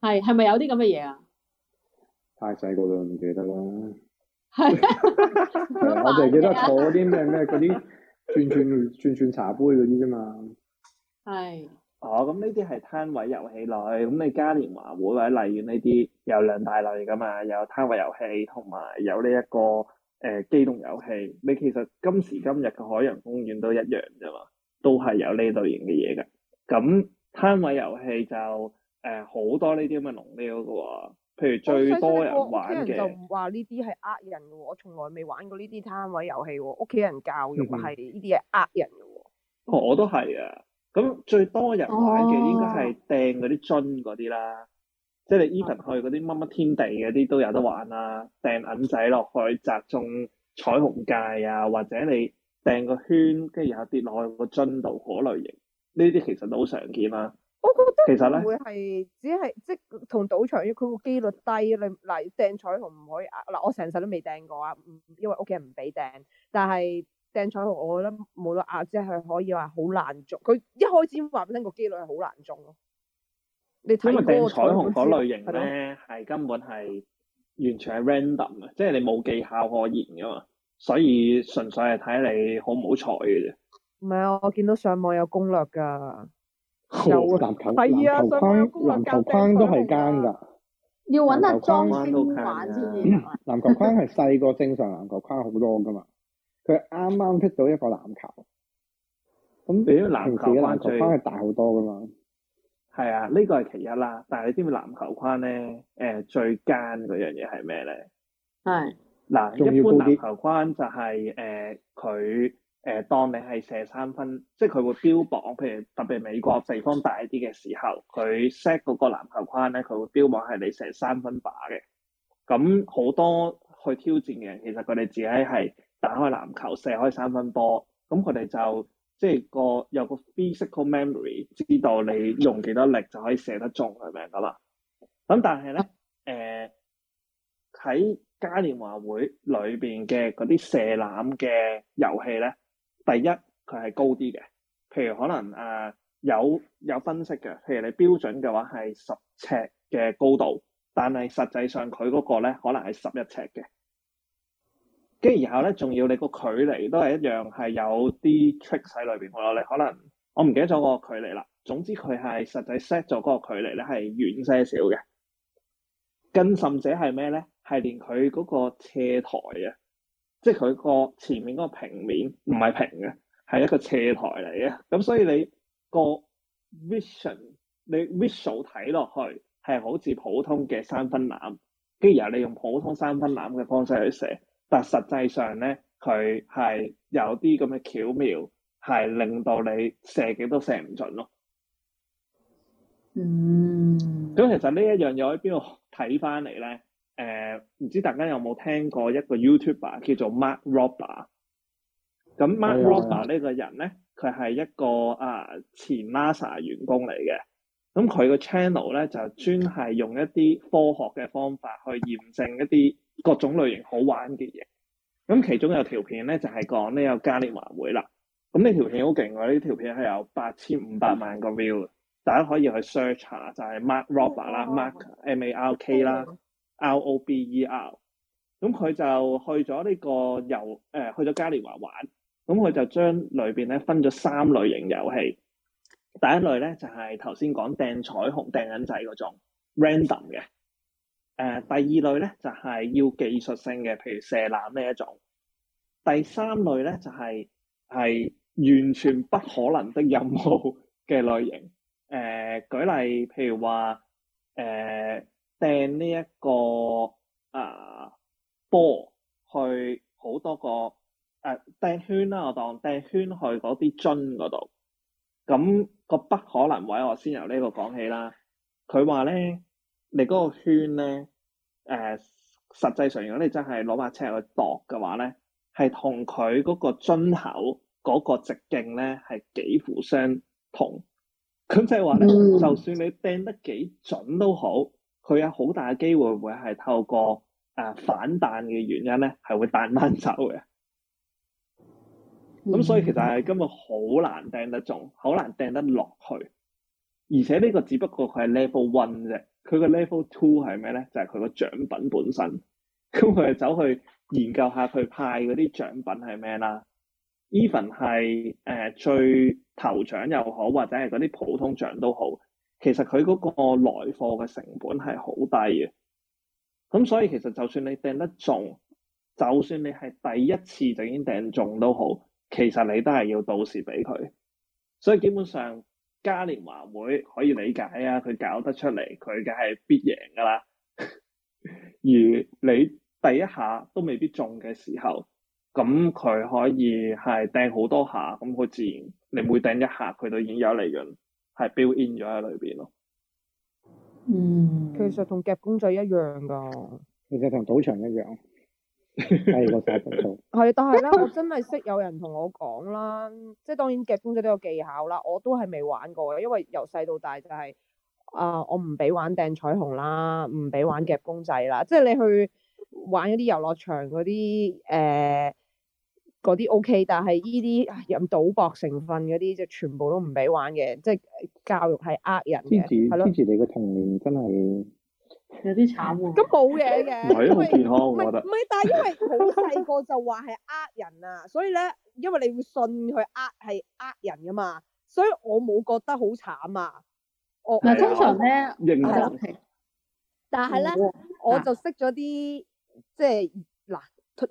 D: 係係咪有啲咁嘅嘢啊？太細個啦，唔
C: 記得啦。係，我淨係記得坐嗰
D: 啲
A: 咩咩嗰啲轉轉轉
D: 轉茶杯嗰啲啫嘛。
C: 係。
A: 哦，咁呢啲係攤位遊戲類，咁你嘉年華會或者荔園呢啲有兩大類噶嘛，有攤位遊戲同埋有呢、這、一個誒、呃、機動遊戲。你其實今時今日嘅海洋公園都一樣啫嘛，都係有呢類型嘅嘢噶。咁、嗯、攤位遊戲就誒好、呃、多呢啲咁嘅龍雕噶喎，譬如最多人玩嘅。啲人就
E: 話呢啲係呃人嘅喎，我從來未玩過呢啲攤位遊戲喎，屋企人教育係呢啲嘢呃人
A: 嘅喎。哦，我都係啊。咁最多人玩嘅應該係掟嗰啲樽嗰啲啦，即係你 even 去嗰啲乜乜天地嗰啲都有得玩啦，掟銀仔落去砸中彩虹界啊，或者你掟個圈跟住又跌落去個樽度嗰類型，呢啲其實都好常見啊。
E: 我覺得會其實咧，只係即係同賭場，佢個機率低。你嗱掟彩虹唔可以啊，嗱我成世都未掟過啊，因為屋企人唔俾掟，但係。掟彩虹，我覺得冇得啊！即係可以話好難中。佢一開始話俾你聽，個機率係好難中咯。
A: 你睇
C: 掟彩虹嗰類型咧，
A: 係根本係完全係 random 啊！即係你冇技巧可言噶嘛。所以純粹係睇你好唔好彩嘅啫。
E: 唔係啊！我見到上網有攻略㗎，籃
A: 球籃球框、籃球框都係
E: 奸㗎。要
C: 揾下裝先玩先。
D: 籃球框係細過正常籃球框好多㗎嘛。佢啱啱提到一個籃球，咁比籃球框係大好多噶嘛？
A: 係啊，呢個係其一啦。但係你知唔知籃球框咧？誒、呃、最奸嗰樣嘢係咩咧？係嗱是，喏一,一般籃球框就係誒佢誒，當你係射三分，即係佢會標榜。譬如特別美國地方大啲嘅時候，佢 set 嗰個籃球框咧，佢會標榜係你射三分靶嘅。咁好多去挑戰嘅人，其實佢哋自己係。打開籃球射開三分波，咁佢哋就即係個有個 physical memory 知道你用幾多力就可以射得中係咪咁啦？咁但係咧，誒、呃、喺嘉年華會裏邊嘅嗰啲射籃嘅遊戲咧，第一佢係高啲嘅，譬如可能誒、呃、有有分析嘅，譬如你標準嘅話係十尺嘅高度，但係實際上佢嗰個咧可能係十一尺嘅。跟住然後咧，仲要你個距離都係一樣，係有啲 tricks 喺裏邊。我話你可能我唔記得咗個距離啦。總之佢係實際 set 咗嗰個距離咧，係遠些少嘅。更甚者係咩咧？係連佢嗰個斜台啊，即係佢個前面嗰個平面唔係平嘅，
C: 係一個斜
A: 台嚟啊。咁所以你個 vision 你 visual 睇落去係好似普通嘅三分籃。跟住然後你用普通三分籃嘅方式去射。但實際上咧，佢係有啲咁嘅巧妙，係令到你射箭都射唔準咯。嗯。咁其實呢一樣嘢喺邊度睇翻嚟咧？誒、呃，唔知大家有冇聽過一個 YouTuber 叫做 Mark Rober、哎呀。咁 Mark Rober 呢個人咧，佢係一個啊前 NASA 員工嚟嘅。咁佢個 channel 咧就專係用一啲科學嘅方法去驗證一啲，各種類型好玩嘅嘢，咁其中有條片咧就係、是、講呢個嘉年華會啦。咁呢條片好勁喎，呢條片係有八千五百萬個 view，大家可以去 search 下，就係、是、Mark Rober 啦，Mark M A R K 啦，R O B E R。咁佢、e、就去咗呢個遊，誒、呃、去咗嘉年華玩。咁佢就將裏邊咧分咗三類型遊戲。第一類咧就係頭先講掟彩虹、掟銀仔嗰種 random 嘅。誒，第二類咧就係、是、要技術性嘅，譬如射籃呢一種。第三類咧就係、是、係完全不可能的任務嘅類型。誒、呃，舉例，譬如話誒掟呢一個啊、呃、波去好多個誒掟、呃、圈啦，我當掟圈去嗰啲樽嗰度。咁、那個不可能位，我先由個講呢個講起啦。佢話咧。你嗰個圈咧，誒、呃，實際上如果你真係攞把車去度嘅話咧，係同佢嗰個樽口嗰個直徑咧係幾乎相同。咁即係話咧，嗯、就算你掟得幾準都好，佢有好大嘅機會會係透過誒、呃、反彈嘅原因咧，係會彈翻走嘅。咁所以其實係根本好難掟得中，好難掟得落去。而且呢個只不過佢係 level one 啫。佢個 level two 係咩咧？就係佢個獎品本身。咁佢就走去研究下佢派嗰啲獎品係咩啦。even 係誒，最頭獎又好，或者係嗰啲普通獎都好，其實佢嗰個來貨嘅成本係好低嘅。咁所以其實就算你掟得中，就算你係第一次就已經掟中都好，其實你都係要到時俾佢。所以基本上。嘉年華會可以理解啊，佢搞得出嚟，佢梗係必贏噶啦。 <laughs> 而你第一下都未必中嘅時候，咁佢可以係掟好多下，咁佢自然你每掟一下，佢都已經有利潤，係 build In 咗喺裏邊咯。嗯，
E: 其實同夾公仔一樣噶，
A: 其實同賭場一樣。
E: 係我真係唔通，但係咧，我真係識有人同我講啦，即係當然夾公仔都有技巧啦，我都係未玩過嘅，因為由細到大就係、是、啊、呃，我唔俾玩掟彩虹啦，唔俾玩夾公仔啦，即係你去玩嗰啲遊樂場嗰啲誒嗰啲 OK，但係呢啲有賭博成分嗰啲就全部都唔俾玩嘅，即係教育係呃人嘅，係咯
D: 主。支持啦你嘅童年真係～
E: 有啲慘喎，咁冇嘢嘅，係都健康，我覺得。唔係，但係因為好細個就話係呃人啊，所以咧，因為你會信佢呃係呃人噶嘛，所以我冇覺得好慘啊。我嗱，的通常咧係，
C: 恆
E: 吧但係咧，恆我就識咗啲即係嗱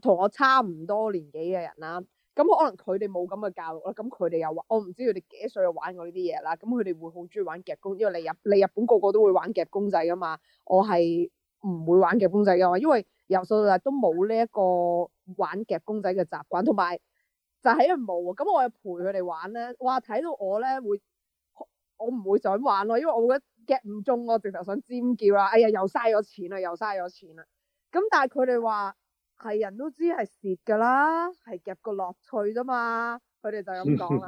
E: 同我差唔多年紀嘅人啦。咁、嗯、可能佢哋冇咁嘅教育啦，咁佢哋又玩，我唔知佢哋幾多歲又玩過呢啲嘢啦。咁佢哋會好中意玩夾公，因為你日你日本個個都會玩夾公仔噶嘛。我係唔會玩夾公仔噶嘛，因為由細到大都冇呢一個玩夾公仔嘅習慣，同埋就係因為冇。咁、嗯、我陪佢哋玩咧，哇！睇到我咧會，我唔會想玩咯，因為我覺得夾唔中，我直頭想尖叫啦！哎呀，又嘥咗錢啦，又嘥咗錢啦。咁、嗯嗯、但係佢哋話。係人都知係蝕噶啦，係夾個樂趣啫嘛。佢哋就咁講啦。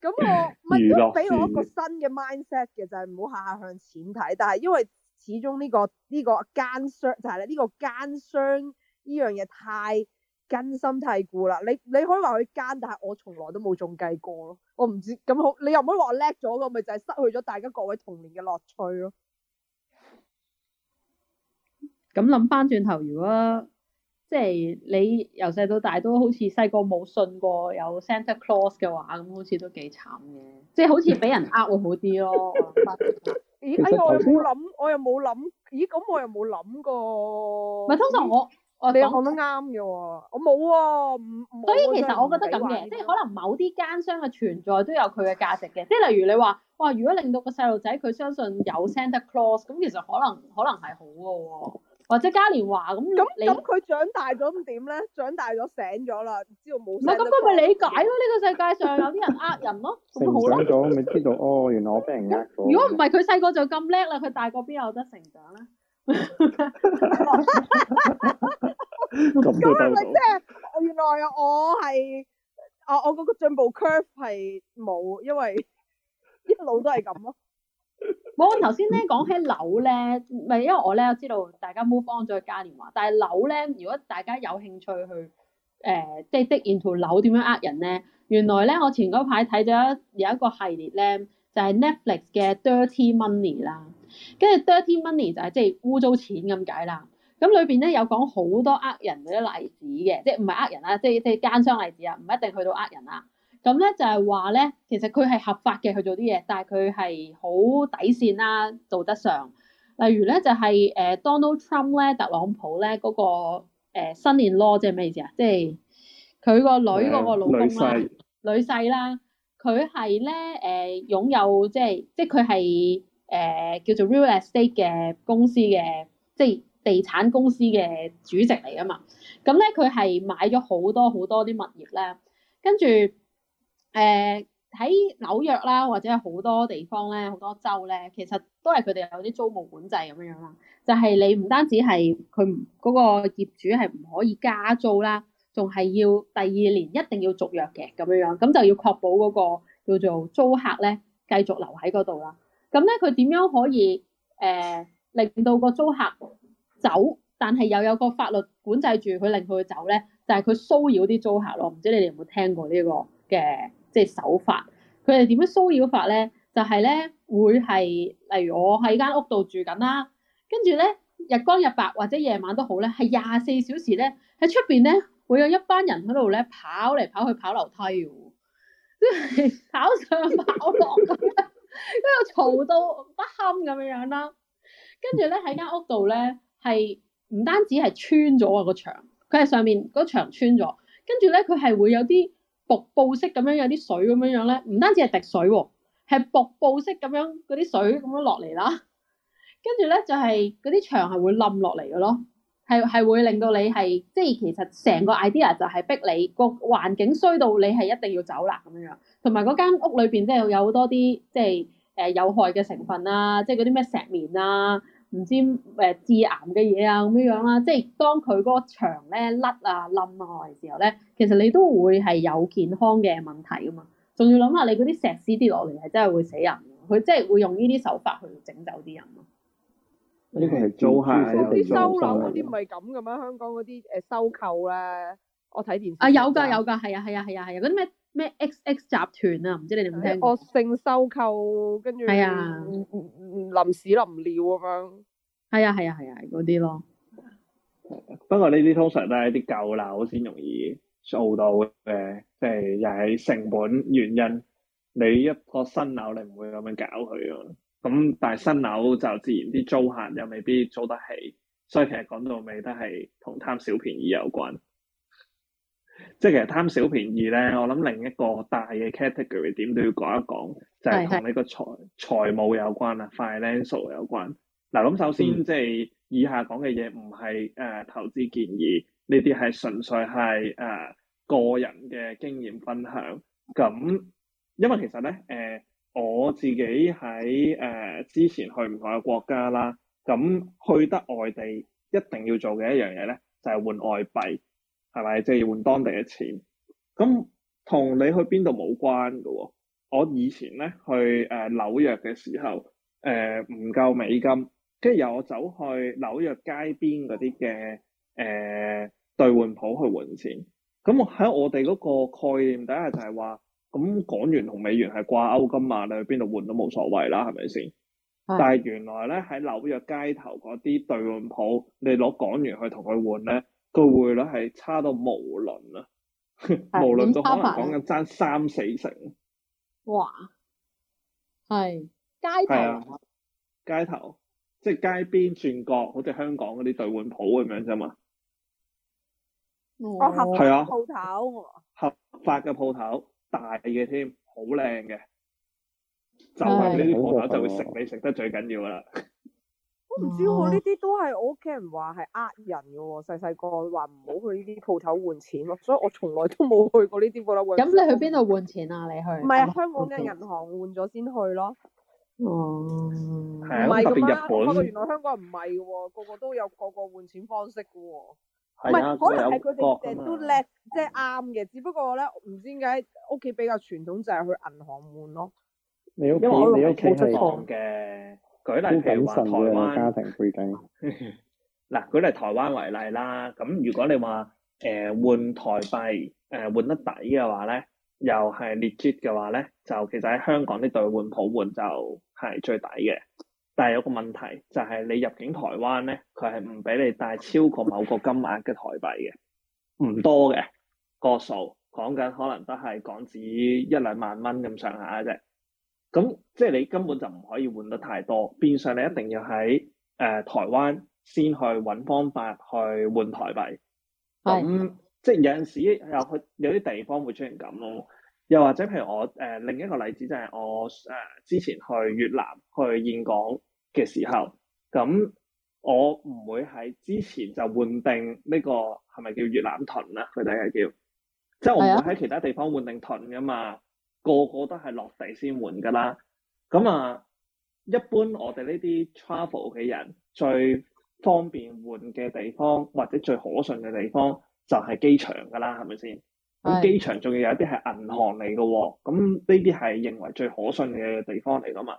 E: 咁 <laughs> 我咪如果俾我一個新嘅 mindset 嘅，就係唔好下下向錢睇。但係因為始終呢、這個呢、這個奸商就係咧，呢個奸商呢樣嘢太根深蒂固啦。你你可以話佢奸，但係我從來都冇中計過咯。我唔知咁好，你又唔可以話叻咗，咁咪就係、是、失去咗大家各位童年嘅樂趣咯。咁
B: 諗翻轉頭，如果即係你由細到大都好似細個冇信過有 Santa Claus 嘅話，咁好似都幾慘嘅。即係好似俾人呃會好啲咯，哎我我。
E: 咦？哎我又冇諗，我又冇諗。咦？咁我又冇諗過。咪通常我，哎、我說你又講得啱嘅喎。我冇喎，啊，唔。所以我我，這個，其實我覺得咁嘅， <laughs> 即係
B: 可能某啲奸商嘅存在都有佢嘅價值嘅。即係例如你話，哇！如果令到個細路仔佢相信有 Santa Claus，咁其實可能可能係好嘅喎。或者嘉年華咁，咁
E: 佢長大咗咁點咧？長大咗醒咗啦，知道
C: 冇。
B: 唔係咁佢咪理解咯？呢個世界上有啲人呃人咯，成
D: 長咗咪知道哦，原來我俾人呃過。如果唔係
B: 佢細個就咁叻啦，佢大個邊有得成長咧？
C: 咁係咪即
B: 係原來我
E: 係，啊我嗰個進步 curve 係冇，因為一路都係咁咯。
B: 冇，頭先咧講起樓咧，唔係因為我咧知道大家 move on 咗嘉年華，但係樓咧，如果大家有興趣去，誒、呃，即係的然條樓點樣呃人咧，原來咧我前嗰排睇咗有一個系列咧，就係、是、Netflix 嘅 Dirty Money 啦，跟住 Dirty Money 就係即係污糟錢咁解啦，咁裏邊咧有講好多呃人嗰啲例子嘅，即係唔係呃人啦，即係即係奸商例子啊，唔一定去到呃人啊。咁咧就係話咧，其實佢係合法嘅去做啲嘢，但係佢係好底線啦，道德上。例如咧就係、是、誒、呃、Donald Trump 咧，特朗普咧嗰、那個、呃、son-in-law 即係咩意思啊？即係佢個女嗰個老公啦，呃、女，婿女婿啦，佢係咧誒擁有即係即係佢係誒叫做 real estate 嘅公司嘅，即係地產公司嘅主席嚟㗎嘛。咁咧佢係買咗好多好多啲物業咧，跟住。誒喺、呃、紐約啦，或者係好多地方咧，好多州咧，其實都係佢哋有啲租務管制咁樣樣啦。就係、是、你唔單止係佢唔嗰個業主係唔可以加租啦，仲係要第二年一定要續約嘅咁樣樣，咁就要確保嗰個叫做租客咧繼續留喺嗰度啦。咁咧佢點樣可以誒、呃、令到個租客走，但係又有個法律管制住佢令佢去走咧？就係佢騷擾啲租客咯。唔知你哋有冇聽過呢個嘅？即係手法，佢哋點樣騷擾法咧？就係咧會係，例如我喺間屋度住緊啦，跟住咧日光日白或者夜晚都好咧，係廿四小時咧喺出邊咧會有一班人喺度咧跑嚟跑去跑樓梯嘅，即 <laughs> 係跑上跑落咁樣，跟住嘈到不堪咁樣樣啦。跟住咧喺間屋度咧係唔單止係穿咗啊個牆，佢係上面嗰牆穿咗，跟住咧佢係會有啲。瀑布式咁樣有啲水咁樣樣咧，唔單止係滴水喎，係瀑布式咁樣嗰啲水咁樣落嚟啦。跟住咧就係嗰啲牆係會冧落嚟嘅咯，係係會令到你係即係其實成個 idea 就係逼你個環境衰到你係一定要走啦咁樣樣，同埋嗰間屋裏邊即係有好多啲即係誒有害嘅成分啦，即係嗰啲咩石棉啊。唔知誒致、呃、癌嘅嘢啊咁樣樣啦，即係當佢嗰個牆咧甩啊冧啊嘅時候咧，其實你都會係有健康嘅問題噶嘛。仲要諗下你嗰啲石屎跌落嚟係真係會死人，佢真係會用呢啲手法去整走啲人。呢
C: 個係租客。啲收樓嗰啲
E: 唔係咁噶嘛，香港嗰啲誒收購咧、
B: 啊，我睇電視。啊有噶有噶，係啊係啊係啊係啊，嗰啲咩？咩 X X 集團啊？唔知你哋有冇聽？惡性收購跟住係啊，臨屎臨尿咁樣。
E: 係啊係啊係啊，嗰
A: 啲咯。不過呢啲通常都係啲舊樓先容易做到嘅，即係又係成本原因。你一個新樓，你唔會咁樣搞佢嘅。咁但係新樓就自然啲租客又未必租得起，所以其實講到尾都係同貪小便宜有關。即係其實貪小便宜咧，我諗另一個大嘅 category 點都要講一講，就係同呢個財財務有關啊 financial 有關。嗱、啊、咁首先即係以下講嘅嘢唔係誒投資建議，呢啲係純粹係誒、呃、個人嘅經驗分享。咁因為其實咧誒、呃、我自己喺誒、呃、之前去唔同嘅國家啦，咁去得外地一定要做嘅一樣嘢咧，就係、是、換外幣。係咪？即係要換當地嘅錢，咁同你去邊度冇關噶、哦。我以前咧去誒、呃、紐約嘅時候，誒、呃、唔夠美金，跟住由我走去紐約街邊嗰啲嘅誒兌換鋪去換錢。咁喺我哋嗰個概念底下就係話，咁港元同美元係掛鈎噶嘛，你去邊度換都冇所謂啦，係咪先？
C: 的但係
A: 原來咧喺紐約街頭嗰啲兌換鋪，你攞港元去同佢換咧。個匯率係差到無倫啊，是 <laughs> 無倫都可能講緊爭三四成。
B: 哇！係街
A: 頭，啊、街頭即係街邊轉角，好似香港嗰啲兌換鋪咁樣啫嘛。
E: 哦哇，係啊，鋪頭
A: 合法嘅鋪頭，大嘅添，好靚嘅，就係呢啲鋪頭就會食你食得最緊要啦。
E: 我唔知喎，呢啲都係我屋企人話係呃人嘅喎，細細個話唔好去呢啲鋪頭換錢咯，所以我從來都冇去過呢啲鋪頭換錢。咁你去
B: 邊度換錢啊？你去唔係，香港嘅
E: 銀行換咗先去咯。哦，唔
C: 係咁樣。不過原來
E: 香港唔係喎，個個都有個個換錢方式嘅
C: 喎。唔係，可能係佢哋成日都
E: 叻，即係啱嘅。只不過咧，唔知點解屋企比較傳統就係去銀行換咯。
C: 你屋企，你屋
D: 企係
A: 嘅。舉例係話台灣家庭背景，嗱 <laughs> 舉例台灣為例啦。咁如果你話誒、呃、換台幣誒、呃、換得抵嘅話咧，又係 legit 嘅話咧，就其實喺香港啲兌換鋪換就係最抵嘅。但係有個問題就係、是、你入境台灣咧，佢係唔俾你帶超過某個金額嘅台幣嘅，唔 <laughs> 多嘅個數，講緊可能都係港紙一兩萬蚊咁上下啫。咁即係你根本就唔可以換得太多，變相你一定要喺誒、呃、台灣先去揾方法去換台幣。
C: 咁的、嗯、
A: 即係有陣時又去有啲地方會出現咁咯。又或者譬如我誒、呃、另一個例子就係我誒、呃、之前去越南去岘港嘅時候，咁、嗯、我唔會喺之前就換定呢、這個係咪叫越南盾啦？佢大家叫，即係我唔會喺其他地方換定盾㗎嘛。個個都係落地先換噶啦，咁啊，一般我哋呢啲 travel 嘅人最方便換嘅地方，或者最可信嘅地方，就係機場噶啦，係咪先？
C: 咁機
A: 場仲要有一啲係銀行嚟噶，啊，咁呢啲係認為最可信嘅地方嚟噶嘛。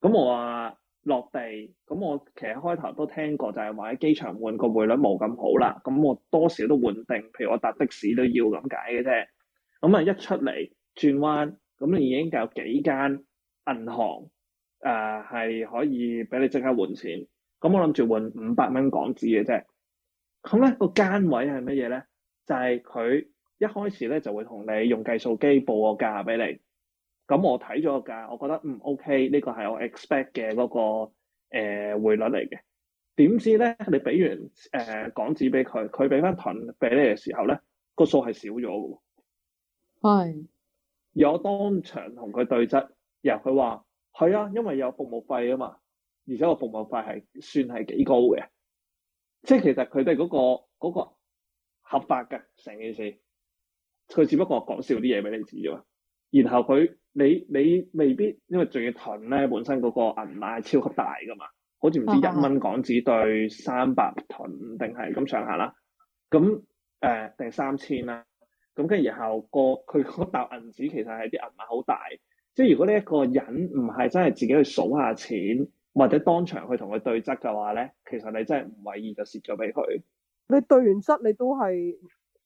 A: 咁我話落地，咁我其實開頭都聽過就，就係話喺機場換個匯率冇咁好啦，咁我多少都換定，譬如我搭的士都要咁解嘅啫，咁啊一出嚟。轉彎咁，你已經有幾間銀行誒係、呃、可以俾你即刻換錢。咁我諗住換五百蚊港紙嘅啫。咁咧個奸位係乜嘢咧？就係、是、佢一開始咧就會同你用計數機報個價俾你。咁我睇咗個價，我覺得唔、嗯、OK，呢個係我 expect 嘅嗰、那個誒匯、呃、率嚟嘅。點知咧？你俾完誒、呃、港紙俾佢，佢俾翻盾俾你嘅時候咧，個數係少咗喎。
C: 係。
A: 而我當場同佢對質，然後佢話：係啊，因為有服務費啊嘛，而且個服務費係算係幾高嘅。即係其實佢哋嗰個嗰個合法嘅成件事，佢只不過講笑啲嘢俾你知啫嘛。然後佢你你未必，因為仲要盾呢，本身嗰個銀碼係超級大㗎嘛，好似唔知一蚊港紙對三百盾定係咁上下啦。咁誒定三千啦。呃咁跟住後、嗰個佢嗰沓銀紙其實係啲銀碼好大，即係如果你一個人唔係真係自己去數下錢，或者當場去同佢對質嘅話咧，其實你真係唔為意就蝕咗俾佢。
E: 你對完質你都係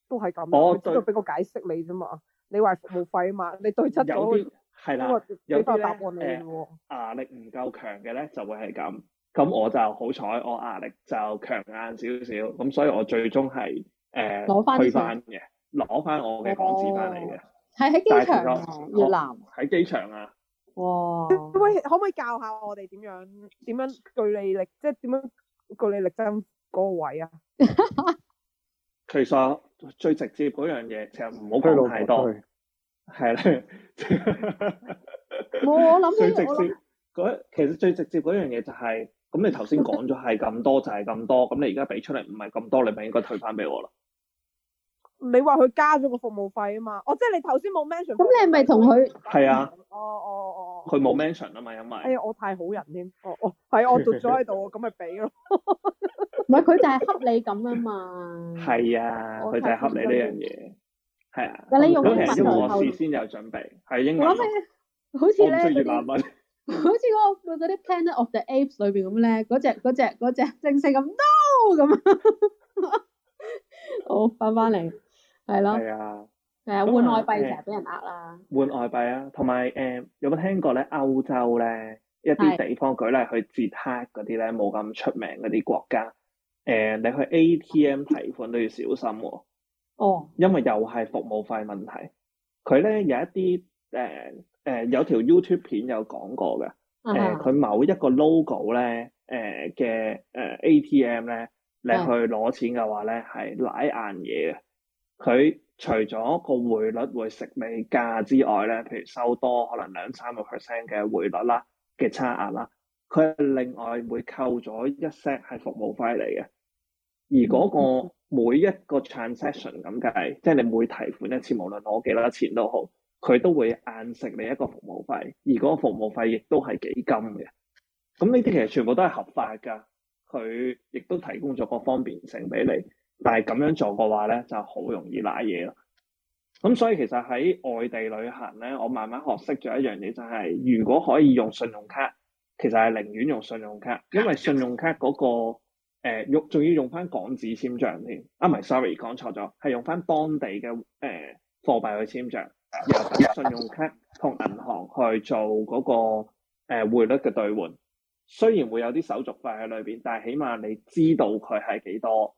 E: 都係咁，我只係俾個解釋你啫嘛。你話服務費啊嘛，你對質咗，有啲
A: 係啦，有啲答案嚟、呃、壓力唔夠強嘅咧就會係咁。咁我就好彩，我壓力就強硬少少，咁所以我最終係誒攞翻嘅。呃攞翻我嘅港紙翻嚟嘅，係喺機場，越南喺機場啊！哇，可
B: 唔
E: 可以教下我哋點樣點樣據理力，即係點樣據理力爭嗰個位啊？
A: 其實最直接嗰樣嘢、就是，其實唔好推落太多，係咧。冇，我諗最直接嗰其實最直接樣嘢就係，咁你頭先講咗係咁多就係咁多，咁你而家俾出嚟唔係咁多，你咪應該退翻俾我啦。
E: 你話佢加咗個服務費啊嘛？哦，即係你頭先冇 mention。咁你係咪同佢？係啊。哦哦哦
A: 哦。佢冇 mention 啊嘛，因為。哎呀，
B: 我太好人添。哦哦。係
A: 啊，我讀咗喺度，
B: 咁咪俾咯。唔係，佢就係恰你咁啊嘛。
A: 係啊，佢就係恰你呢樣嘢。係啊。但你用咗文頭後。我事先有準備，係英文。
B: 我咩？好似咧嗰
A: 啲。
B: 好似嗰個嗰啲 Planet of the Apes 裏邊咁咧，嗰隻嗰隻嗰隻聲聲咁 no 咁。
A: 好，翻返嚟。係咯，係啊，誒的換外幣成日俾人呃啦、嗯，換外幣啊，同埋誒有冇聽過咧？歐洲咧一啲地方，舉例去捷克嗰啲咧，冇咁出名嗰啲國家，誒、呃、你去 A T M 提款都要小心喎。哦，哦因為又係服務費問題，佢咧有一啲誒誒有條 YouTube 片有講過
C: 嘅誒，佢、啊哈呃、
A: 某一個 logo 咧誒嘅誒 A T M 咧，你去攞錢嘅話咧係蝕硬嘢啊！嗯佢除咗個匯率會食未價之外咧，譬如收多可能兩三個 percent 嘅匯率啦嘅差額啦，佢另外會扣咗一 set 係服務費嚟嘅。而嗰個每一個 transaction 咁計，即係你每提款一次，無論攞幾多錢都好，佢都會硬食你一個服務費。而嗰個服務費亦都係幾金嘅。咁呢啲其實全部都係合法噶，佢亦都提供咗個方便性俾你。但係咁樣做嘅話咧，就好容易瀨嘢咯。咁所以其實喺外地旅行咧，我慢慢學識咗一樣嘢，就係，就係如果可以用信用卡，其實係寧願用信用卡，因為信用卡嗰、嗰個誒，用、呃、仲要用翻港紙簽賬添。啊，唔係，sorry，講錯咗，係用翻當地嘅誒貨幣去簽賬，由信用卡同銀行去做嗰、嗰個誒匯、呃、率嘅兌換。雖然會有啲手續費喺裏邊，但係起碼你知道佢係幾多。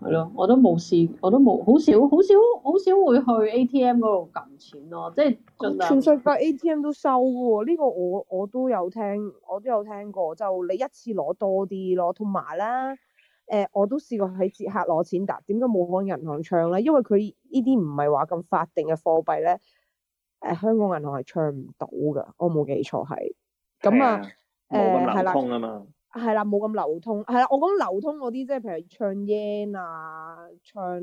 B: 係咯，我都冇試，我都冇，好少好少好少會去 ATM 嗰度撳錢咯、啊，即係全世界 ATM 都收
E: 嘅喎。呢、呢個我我都有聽，我都有聽過。就你一次攞多啲咯，同埋咧，誒、呃、我都試過喺捷克攞錢但，點解冇講銀行唱咧？因為佢呢啲唔係話咁法定嘅貨幣咧，誒、呃、香港銀行係唱唔到㗎。我冇記錯係，咁啊冇咁難充啊嘛。係啦，冇咁流通。係啦，我講流通嗰啲，即係譬如唱 yen 啊，唱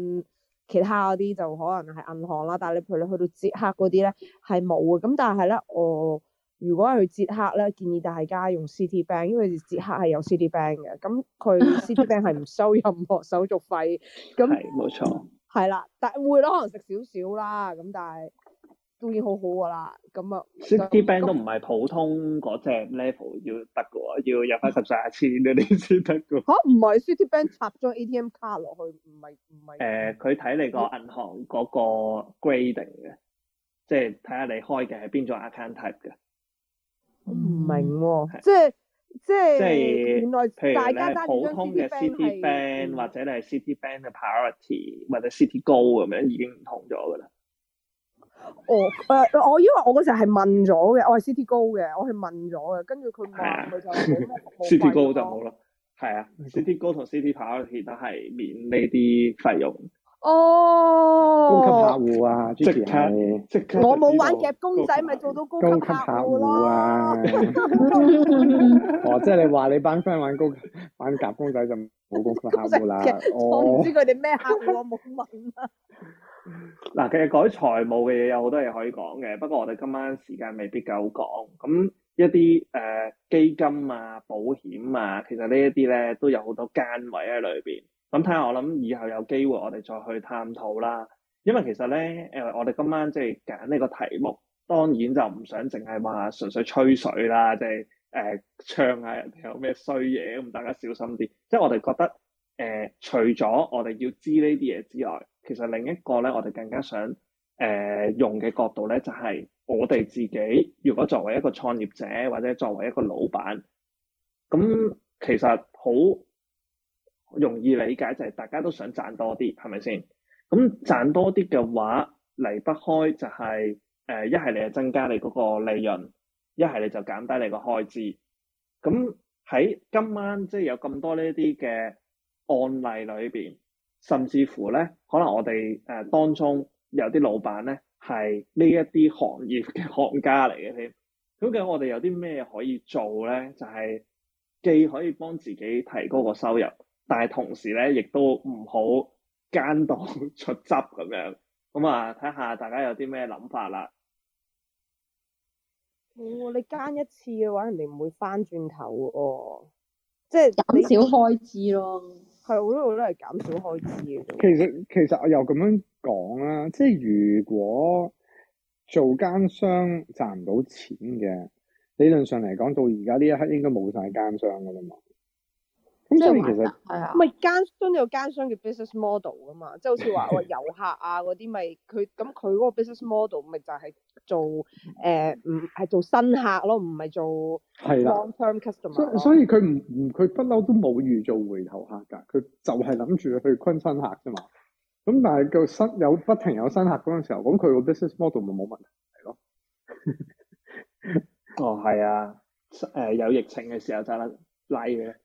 E: 其他嗰啲就可能係銀行啦。但係你譬如你去到捷克嗰啲咧，係冇嘅。咁但係咧，我如果係去捷克咧，建議大家用 City Bank，因為捷克係有 City Bank 嘅。咁佢 City Bank 係唔收任何手續費。係 <laughs> 咁，冇錯。係啦，但會咯，可能食少少啦。咁但係。都已經好好噶啦，咁啊，City Bank 都
A: 唔係普通嗰隻 level 要得噶，要入翻十上一千嗰啲先得噶。吓，唔係 City
E: Bank 插咗 ATM 卡落去，唔係唔係？誒，
A: 佢睇你個銀行嗰個 grading 嘅，即係睇下你開嘅係邊種 account type 嘅。我唔明喎，即
E: 係即係，原來大家得普通嘅 City
A: Bank 或者你係 City Bank 嘅 Priority 或者 Citigold，咁樣已經唔同咗噶啦。
E: 哦誒、呃，我因為我嗰時候係問咗嘅，我係 CT 高嘅，我係問咗嘅，跟住佢冇，佢 <laughs> 就冇咩。
A: CT 高就唔好啦，係啊，CT 高同 CT 跑其實都係免呢啲費用。
E: 哦，
A: 高級客戶啊，即係我冇玩夾
E: 公仔，咪級做到高級客
D: 戶咯、啊。
C: 哦，即
D: 係你話你班 friend 玩高玩
A: 夾公仔就冇高級客戶啦，我唔知
C: 佢哋咩客戶，我冇問啊。 <laughs>
A: 嗱，其實講起財務嘅嘢，有好多嘢可以講嘅。不過我哋今晚時間未必夠講。咁一啲誒、呃、基金啊、保險啊，其實呢一啲咧都有好多奸位喺裡邊。咁睇下我諗以後有機會我哋再去探討啦。因為其實咧誒、呃，我哋今晚即係揀呢個題目，當然就唔想淨係話純粹吹水啦，即係誒唱下有咩衰嘢咁。大家小心啲，即係我哋覺得誒、呃，除咗我哋要知呢啲嘢之外。其實另一個咧，我哋更加想誒、呃、用嘅角度咧，就係、是、我哋自己，如果作為一個創業者或者作為一個老闆，
C: 咁
A: 其實好容易理解，就係大家都想賺多啲，係咪先？咁賺多啲嘅話，離不開就係誒一係你就增加你嗰個利潤，一係你就減低你個開支。咁喺今晚即係有咁多呢一啲嘅案例裏邊。甚至乎咧，可能我哋誒當中有啲老闆咧，係呢一啲行業嘅行家嚟嘅添。究竟我哋有啲咩可以做咧？就係、是、既可以幫自己提高個收入，但係同時咧，亦都唔好奸到出汁咁樣。咁、嗯、啊，睇下大家有啲咩諗法啦。
E: 哦，你奸一次嘅話，人哋唔會返轉頭喎、哦。即係減少開支咯。係，我都覺得係減少開支嘅。其實
D: 其實我又咁樣講啦、啊，即係如果做奸商賺唔到錢嘅，理論上嚟講，到而家呢一刻應該冇晒奸商噶啦嘛。咁即係
E: 其實，唔係奸商有奸商嘅 business model 噶嘛，即係好似話喂遊客啊嗰啲，咪佢咁佢嗰個 business model 咪就係做誒唔係做新客咯，唔係做 long term customer。所以佢
D: 唔佢不嬲都冇預做回頭客㗎，佢就係諗住去昆新客啫嘛。咁但係個新有不停有新客嗰陣時候，咁佢個 business model 咪冇問題
A: 係咯。 <laughs> 哦，係啊，誒、呃、有疫情嘅時候就拉拉嘅。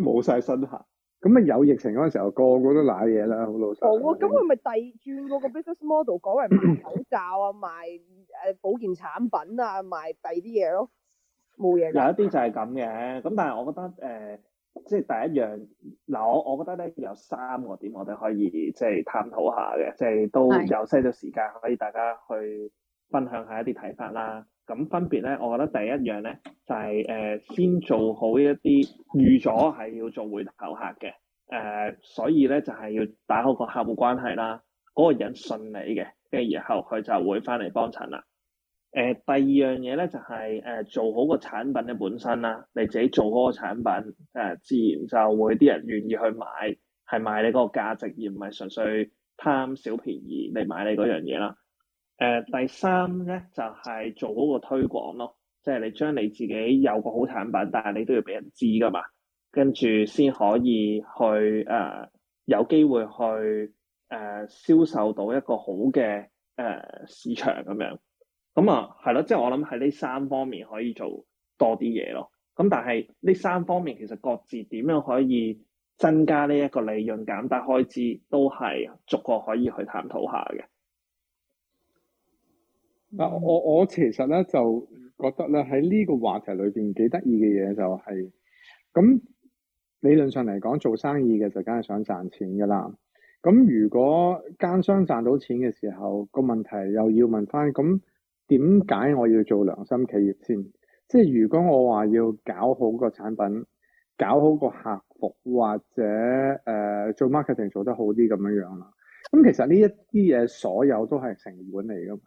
D: 冇晒身下，咁啊 <laughs> 有疫情嗰陣時候，個個，個都瀨嘢啦，
E: 好老實。咁佢咪第轉個 business model，改為賣口罩啊，賣誒 <coughs> 保健產品啊，賣第二啲嘢咯，
A: 冇嘢。有一啲就係咁嘅，咁但係我覺得誒、呃，即係第一樣，嗱、呃、我我覺得咧有三個點我哋可以即係探討下嘅，即係都有些少時間可以大家去分享一下一啲睇法啦。咁分別咧，我覺得第一樣咧就係、是、誒、呃、先做好一啲預咗係要做回頭客嘅誒、呃，所以咧就係、是、要打好個客戶關係啦，嗰、那個人信你嘅，跟住然後佢就會翻嚟幫襯啦。誒、呃、第二樣嘢咧就係、是、誒、呃、做好個產品嘅本身啦，你自己做好個產品誒、呃，自然就會啲人願意去買，係買你嗰個價值而唔係純粹貪小便宜嚟買你嗰樣嘢啦。誒、呃、第三咧就係、是、做好個推廣咯，即係你將你自己有個好產品，但係你都要俾人知㗎嘛，跟住先可以去誒、呃、有機會去誒、呃、銷售到一個好嘅誒、呃、市場咁樣。咁、嗯、啊係咯，即係、就是、我諗喺呢三方面可以做多啲嘢咯。咁但係呢三方面其實各自點樣可以增加呢一個利潤、減低開支，都係逐個可以去探討下嘅。
D: 嗱，嗯、我我其實咧就覺得咧喺呢個話題裏邊幾得意嘅嘢就係、是，咁理論上嚟講做生意嘅就梗係想賺錢噶啦。咁如果奸商賺到錢嘅時候，個問題又要問翻，咁點解我要做良心企業先？即係如果我話要搞好個產品，搞好個客服或者誒、呃、做 marketing 做得好啲咁樣樣啦，咁其實呢一啲嘢所有都係成本嚟噶嘛。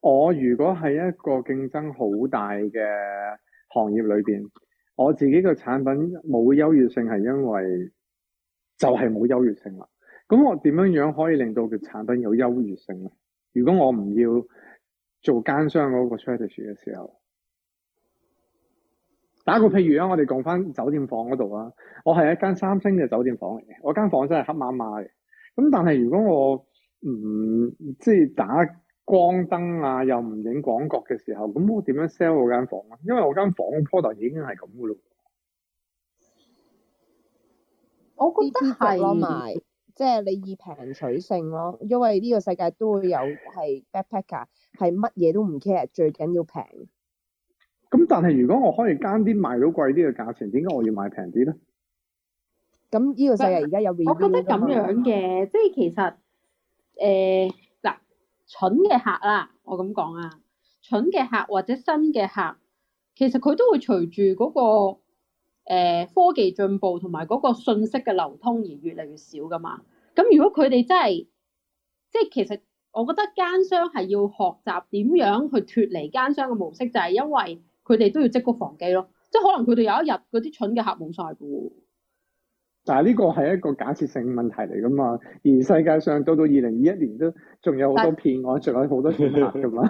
D: 我如果係一個競爭好大嘅行業裏邊，我自己個產品冇優越性，係因為就係冇優越性啦。咁我點樣樣可以令到個產品有優越性咧？如果我唔要做奸商嗰個 strategy 嘅時候，打個譬如啊，我哋講翻酒店房嗰度啊，我係一間三星嘅酒店房嚟嘅，我間房真係黑麻麻嘅。咁但係如果我唔即係打。光燈啊，又唔影廣角嘅時候，咁我點樣 sell 嗰間房啊？因為我間房嘅 product 已經係咁噶咯。
E: 我覺得係，即係 <music> 你以平取勝咯。因為呢個世界都會有係 backpacker，係乜嘢都唔 care，最緊要平。
D: 咁但係如果我可以揀啲賣到貴啲嘅價錢，點解我要買平啲咧？
B: 咁呢個世界而家有變， <music> 我覺得咁樣嘅，即係其實誒。呃蠢嘅客啦，我咁講啊，蠢嘅客或者新嘅客，其實佢都會隨住嗰個、呃、科技進步同埋嗰個信息嘅流通而越嚟越少噶嘛。咁如果佢哋真係即係，其實我覺得奸商係要學習點樣去脫離奸商嘅模式，就係因為佢哋都要積穀防饑咯。即係可能佢哋有一日嗰啲蠢嘅客冇晒噶喎。
D: 但係呢個係一個假設性問題嚟㗎嘛，而世界上到到二零二一年都仲有好多騙案，仲有好多騙客㗎嘛，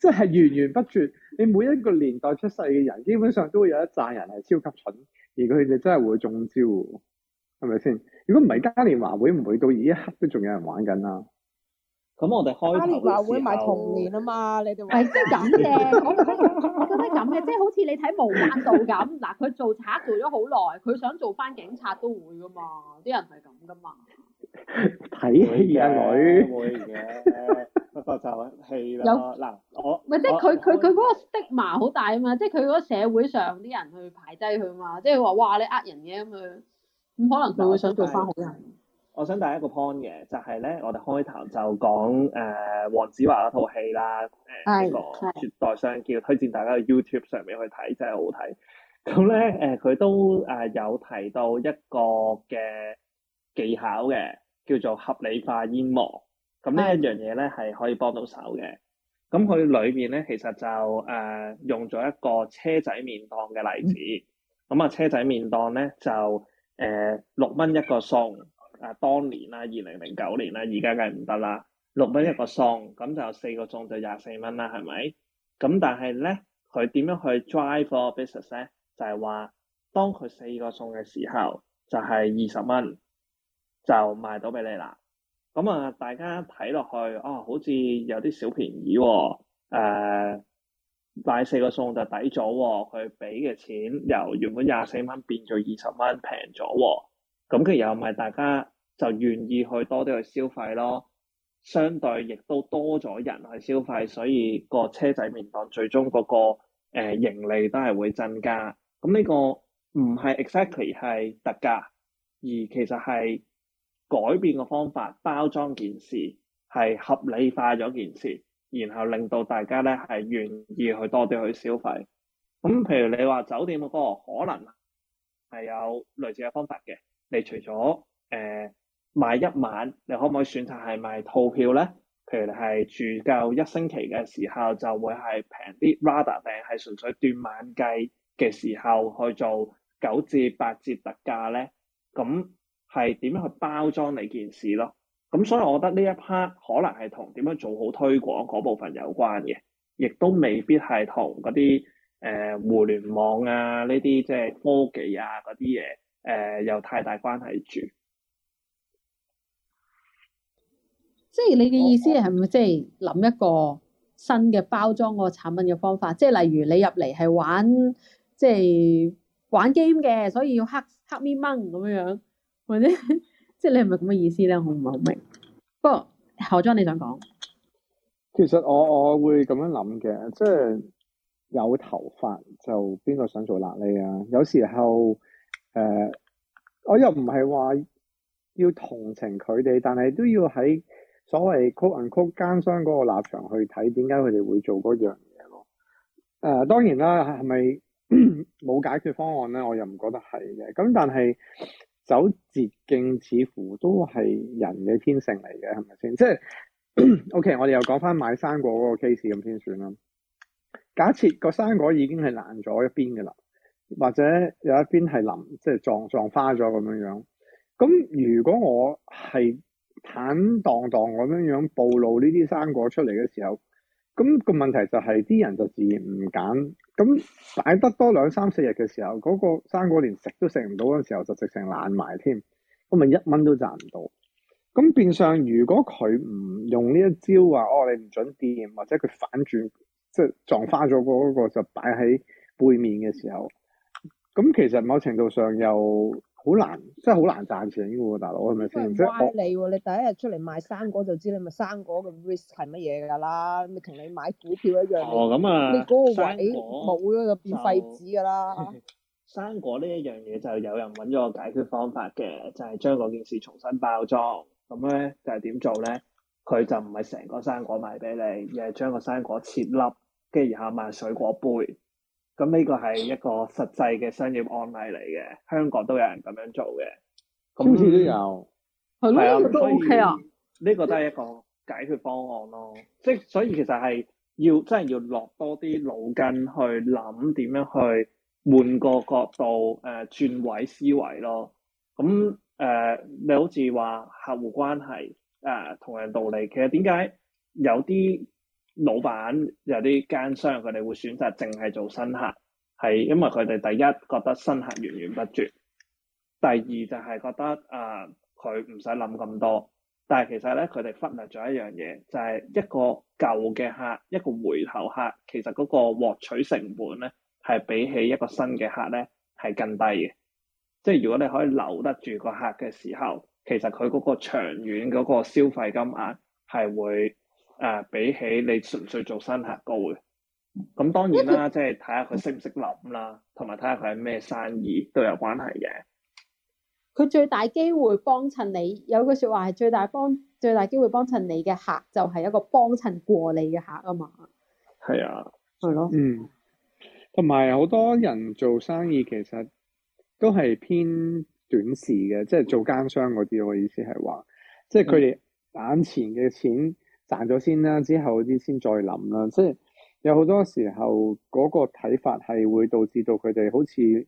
D: 即係 <laughs> <laughs> 源源不絕。你每一個年代出世嘅人，基本上都會有一紮人係超級蠢，而佢哋真係會中招，係咪先？如果唔係嘉年華會，唔會到呢一刻都仲有人玩緊啊？
A: 咁我哋開年話會埋童年
B: 啊嘛，你哋咪即係咁嘅，講唔出咁，覺得咁嘅，即係好似你睇無間道咁，嗱佢做賊做咗好耐，佢想做翻警察都會噶嘛，啲人係咁噶
C: 嘛。
A: 睇戲啊女，會嘅， <laughs> <laughs> <laughs> 就
C: 就戲啦。有嗱，我咪不我即係佢
B: 佢佢嗰個 stigma 好大啊嘛， <music> 嘛，
A: 即係佢嗰社會上
B: 啲人去排低佢嘛，即係佢話哇你呃人嘅咁樣，咁
A: 可能佢會想做翻好人。嗯。我想第一個 point 嘅就係、是、咧，我哋開頭就講誒黃、呃、子華嗰套戲啦。
C: 呢係的、呃、
A: 絕代雙驕，推薦大家去 YouTube 上面去睇，真係好睇。咁咧誒，佢、呃、都誒有提到一個嘅技巧嘅，叫做合理化煙幕。咁呢一樣嘢咧係可以幫到手嘅。咁佢裏面咧其實就誒、呃、用咗一個車仔麵檔嘅例子。咁啊，車仔麵檔咧就誒六蚊一個餸。啊！當年啦，二零零九年啦，而家梗係唔得啦。六蚊一個餸，咁就四個餸就廿四蚊啦，係咪？咁但係咧，佢點樣去 drive 個 business 咧？就係、是、話，當佢四個餸嘅時候，就係二十蚊就賣到俾你啦。咁啊，大家睇落去哦、啊，好似有啲小便宜喎、啊。誒、啊，買四個餸就抵咗喎、啊，佢俾嘅錢由原本廿四蚊變咗二十蚊，平咗喎。咁其實又唔係大家就願意去多啲去消費咯，相對亦都多咗人去消費，所以個車仔麵檔最終嗰個、呃、盈利都係會增加。咁呢個唔係 exactly 係特價，而其實係改變個方法，包裝件事係合理化咗件事，然後令到大家咧係願意去多啲去消費。
C: 咁譬
A: 如你話酒店嗰個可能係有類似嘅方法嘅。你除咗誒、呃、買一晚，你可唔可以選擇係買套票咧？譬如係住夠一星期嘅時候就會係平啲 rather 定係純粹斷晚計嘅時候去做九至八折特價咧？咁係點樣去包裝你件事咯？咁所以我覺得呢一 part 可能係同點樣做好推廣嗰部分有關嘅，亦都未必係同嗰啲誒互聯網啊呢啲即係科技啊嗰啲嘢。
B: 誒有、呃、太大關係住，即係你嘅意思係唔係即係諗一個新嘅包裝個產品嘅方法？即係例如你入嚟係玩即係玩 game 嘅，所以要黑黑咪掹咁樣樣，或者即係你係咪咁嘅意思咧？我唔係好明。不過何總你想講？
D: 其實我我會咁樣諗嘅，即係有頭髮就邊個想做癩痢啊？有時候。誒，uh, 我又唔係話要同情佢哋，但係都要喺所謂 quote unquote 奸商嗰個立場去睇，點解佢哋會做嗰樣嘢咯？誒，uh，當然啦，係咪冇解決方案咧？我又唔覺得係嘅。咁但係走捷徑，似乎都係人嘅天性嚟嘅，係咪先？即係，OK，我哋又講翻買生果嗰個 case 咁先算啦。假設個生果已經係爛咗一邊嘅啦。或者有一邊係腍，即係撞撞花咗咁樣樣。咁如果我係坦蕩蕩咁樣樣暴露呢啲生果出嚟嘅時候，咁個問題就係啲人就自然唔揀。咁擺得多兩三四日嘅時候，嗰個生果連食都食唔到嘅時候，就直情爛埋添。我咪一蚊都賺唔到。咁變相如果佢唔用呢一招話，哦，你唔准掂，或者佢反轉，即係撞花咗嗰個就擺喺背面嘅時候。咁其實某程度上又好難，真係好難賺錢嘅喎，大佬係咪先？即係、啊、我你
E: 你第一日出嚟賣生果就知你咪生果嘅 risk 係乜嘢㗎啦，你同你買股票一樣。哦，咁、嗯、啊，你嗰個位冇
A: 咗就變廢紙㗎啦。生 <laughs> 果呢一樣嘢就有人揾咗個解決方法嘅，就係、是、將嗰件事重新包裝。咁咧就係、是、點做咧？佢就唔係成個生果賣俾你，而係將個生果切粒，跟住然後賣水果杯。咁呢個係一個實際嘅商業案例嚟嘅，香港都有人咁樣做嘅，好似都有，
C: 係啊，所以
A: 呢 <noise> 個都係一個解決方案咯。即係 <noise> 所、所以其實係要真係要落多啲腦筋去諗點樣去換個角度，誒、呃、轉位思維咯。咁誒、呃、你好似話客戶關係誒、呃、同樣道理，其實點解有啲老闆有啲奸商，佢哋會選擇淨係做新客，係因為佢哋第一覺得新客源源不絕，第二就係覺得啊佢唔使諗咁多。但係其實咧，佢哋忽略咗一樣嘢，就係一個舊嘅客，一個回頭客，其實嗰個獲取成本咧，係比起一個新嘅客咧係更低嘅。即係如果你可以留得住個客嘅時候，其實佢嗰個長遠嗰個消費金額係會誒、啊，比起你純粹做新客高嘅，咁當然啦，即係睇下佢識唔識諗啦，同埋睇下佢係咩生意都有關係嘅。
B: 佢最大機會幫襯你，有句説話係最大幫，最大機會幫襯你嘅客，就係一個幫襯過你嘅客啊嘛。係、嗯、啊，
C: 係咯，嗯。
D: 同埋好多人做生意其實都係偏短視嘅，即係做奸商嗰啲，我意思係話，即係佢哋眼前嘅錢。嗯賺咗先啦，之後啲先再諗啦。即係是有好多時候嗰、那個睇法係會導致到佢哋好似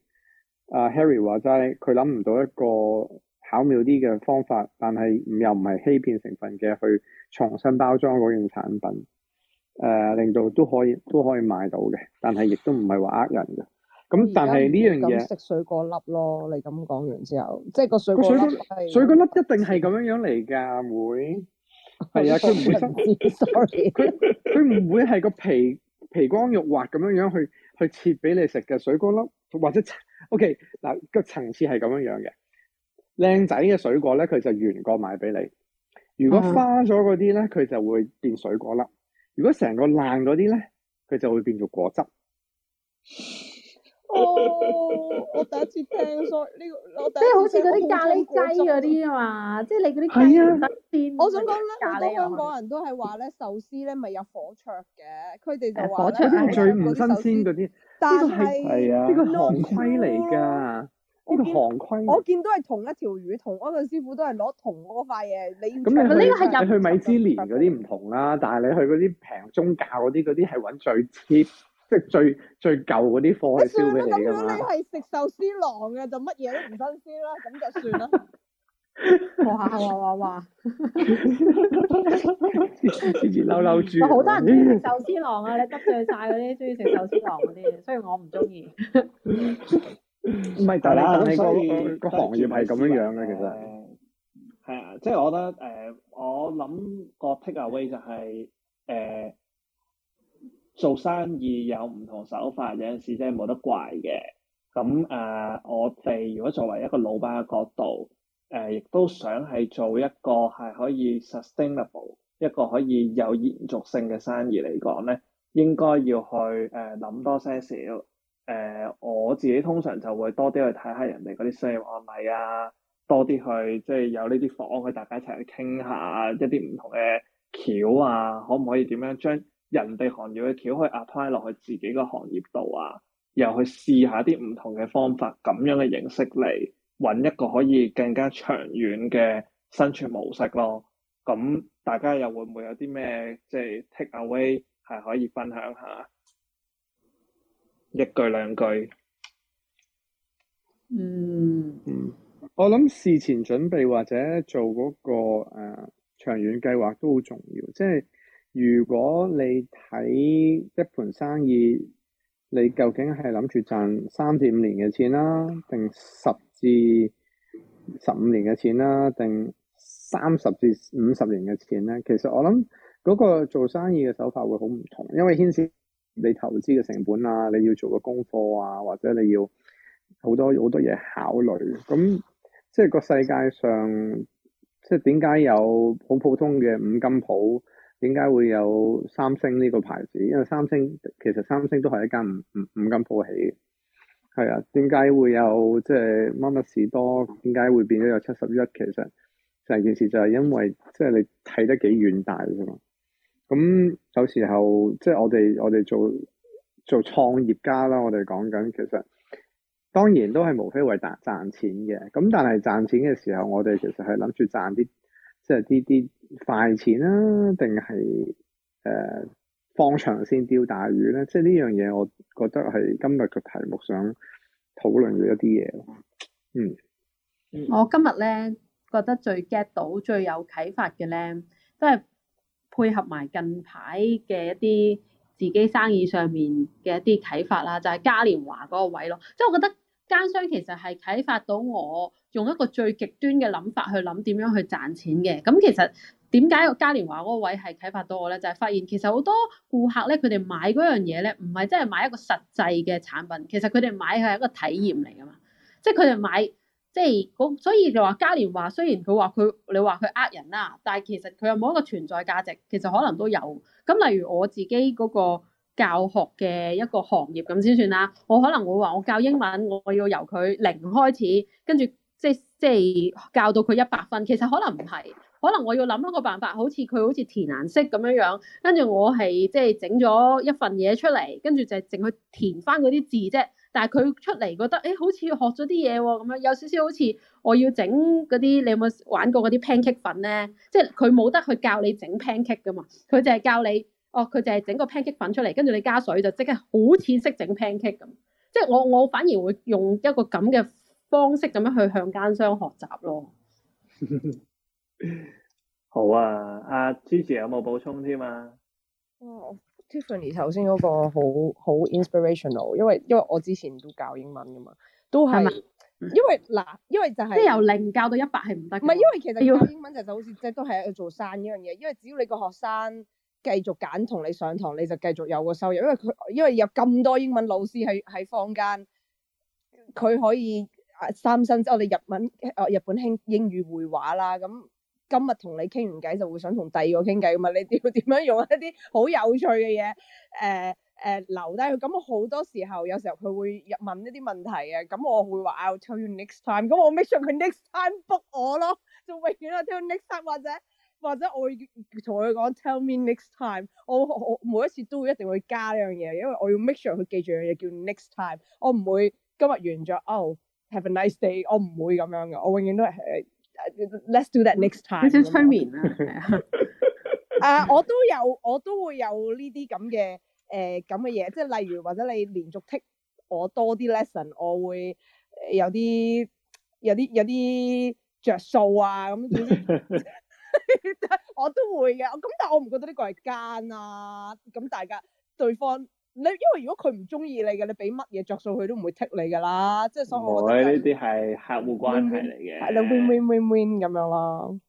D: 啊、呃、Harry 話齋，佢諗唔到一個巧妙啲嘅方法，但係又唔係欺騙成分嘅去重新包裝嗰樣產品，誒、呃、令到都可以都可以買到嘅，但係亦都唔係話呃人嘅。咁現在 但係呢樣嘢食
E: 水果粒咯，你咁講完之後，即、就、係、是、個水果粒水果，水果粒一定係咁樣樣嚟㗎，妹。係啊，佢唔會
D: 生，佢佢唔會係個皮皮光肉滑咁樣樣去去切俾你食嘅水果粒，或者 OK 嗱，個層次係咁樣樣嘅靚仔嘅水果咧，佢就原個賣俾你；如果花咗嗰啲咧，佢就會變水果粒；如果成個爛嗰啲咧，佢就會變做果汁。
C: 哦，我第一次
B: 聽，所以呢個我即係好似嗰啲咖喱雞嗰啲啊嘛，即係你嗰啲係啊，我想講咧，我香港人
E: 都係話咧，壽司咧咪有火灼嘅，佢哋就話火灼最唔新鮮嗰
D: 啲。但係呢個行規嚟㗎，呢個行規。我
E: 見到係同一條魚，同安頓師傅都係攞同一塊嘢。你其實呢個係入。你去
D: 米芝蓮嗰啲唔同啦，但係你去嗰啲平中價嗰啲係搵最 cheap。即係最最舊嗰啲貨係燒畀你㗎嘛。樣你係
E: 食壽司郎嘅，就乜嘢都唔新鮮啦，咁就算啦。哇哇哇！
B: 黐黐嬲嬲豬。好多人中
C: 意食壽司郎啊！你得罪晒嗰啲中意食
B: 壽司郎嗰啲，
A: 所以我唔中意。唔係，但係咁，所以個行業係咁樣樣嘅，其實。係、呃、啊，即係我覺得誒、呃，我諗個 take away 就係、是、誒。呃做生意有唔同手法，有陣時真係冇得怪嘅。咁誒、呃，我哋如果作為一個老闆嘅角度，誒、呃、亦都想係做一個係可以 sustainable，一個可以有延續性嘅生意嚟講咧，應該要去誒諗、呃、多些少。誒、呃，我自己通常就會多啲去睇下人哋嗰啲商業案例啊，多啲去即係、就是、有呢啲房，去大家一齊去傾下一啲唔同嘅橋啊，可唔可以點樣將人哋行業嘅橋去 apply 落去自己個行業度啊，又去試下啲唔同嘅方法，咁樣嘅形式嚟揾一個可以更加長遠嘅生存模式咯。咁大家又會唔會有啲咩即係 take away 係可以分享下？一句兩句。嗯。
C: 嗯。
D: 我諗事前準備或者做嗰個誒長遠計劃都好重要，即係。如果你睇一盤生意，你究竟係諗住賺三至五年嘅錢啦，啊，定十至十五年嘅錢啦，定三十至五十年嘅錢咧？其實我諗嗰個做生意嘅手法會好唔同，因為牽涉你投資嘅成本啊，你要做嘅功課啊，或者你要好多好多嘢考慮。咁即係個世界上，即係點解有好普通嘅五金鋪？點解會有三星呢個牌子？因為三星其實三星都係一間五五五金鋪起嘅，係啊。點解會有即係乜乜士多？點解會變咗有七十一？其實成件事就係因為即係、就是、你睇得幾遠大啫嘛。咁有時候即係、就是、我哋我哋做做創業家啦，我哋講緊其實當然都係無非為賺錢賺錢嘅。咁但係賺錢嘅時候，我哋其實係諗住賺啲。即係啲啲快錢啦，定係誒放長線釣大魚咧？即係呢樣嘢，我覺得係今日嘅題目想討論嘅一啲嘢咯。嗯，
B: 我今日咧覺得最 get 到最有啟發嘅咧，都係配合埋近排嘅一啲自己生意上面嘅一啲啟發啦，就係嘉年華嗰個位咯。即係我覺得。奸商其實係啟發到我用一個最極端嘅諗法去諗點樣去賺錢嘅。咁其實點解個嘉年華嗰個位係啟發到我咧？就係發現其實好多顧客咧，佢哋買嗰樣嘢咧，唔係真係買一個實際嘅產品，其實佢哋買係一個體驗嚟㗎嘛。即係佢哋買，即係所以就話嘉年華雖然佢話佢，你話佢呃人啦，但係其實佢有冇一個存在價值？其實可能都有。咁例如我自己嗰個。教學嘅一個行業咁先算啦。我可能會話我教英文，我要由佢零開始，跟住即即係教到佢一百分。其實可能唔係，可能我要諗一個辦法，好似佢好似填顏色咁樣樣，跟住我係即係整咗一份嘢出嚟，跟住就淨去填返嗰啲字啫。但係佢出嚟覺得誒、欸，好似學咗啲嘢喎咁樣，有少少好似我要整嗰啲，你有冇玩過嗰啲 pancake 粉咧？即係佢冇得去教你整 pancake 噶嘛，佢就係教你。哦，佢就係整個 pancake 粉出嚟，跟住你加水就即刻好似識整 pancake 咁。即係我我反而會用一個咁嘅方式咁樣去向奸商學習咯。
A: <laughs> 好啊，阿 Gigi 有冇補充添啊？Igi，
E: 有有哦，Tiffany 頭先嗰個好好 inspirational，因為因為我之前都教英文噶嘛，都係是嗎因為嗱，因為就係、是、即係由零教到一百係唔得。唔係因為其實教英文就就好似即係都係要做生意呢樣嘢，要因為只要你個學生。繼續揀同你上堂，你就繼續有個收入，因為佢因為有咁多英文老師喺喺坊間，佢可以三啊三生即係我哋日文日本興英語會話啦，咁、嗯、今日同你傾完偈就會想同第二個傾偈噶嘛？你點點樣用一啲好有趣嘅嘢誒誒留低佢？咁、嗯、好多時候有時候佢會問一啲問題嘅。咁、嗯、我會話 I'll tell you next time，咁、嗯、我 make sure 佢 next time book 我咯，就永遠都 tell you next time 或者。或者我會同佢講，tell me next time。我我，我每一次都會一定會加呢樣嘢，因為我要 make sure 佢記住樣嘢叫 next time 我。我唔會今日完咗哦、oh, have a nice day。我唔會咁樣嘅，我永遠都係 let's do that next time。少催眠
C: 啊，係
E: 啊。我都有，我都會有呢啲咁嘅誒咁嘅嘢，即、呃、係例如或者你連續 take 我多啲 lesson，我會有啲有啲有啲着數啊咁。 <laughs> 我都會嘅，咁但係我唔覺得呢個係奸啊！咁大家對方你，因為如果佢唔中意你嘅，你俾乜嘢着數佢都唔會剔你噶啦，即係所以我覺得呢
A: 啲係客戶關係嚟嘅，係啦，win win
E: win win 咁樣咯。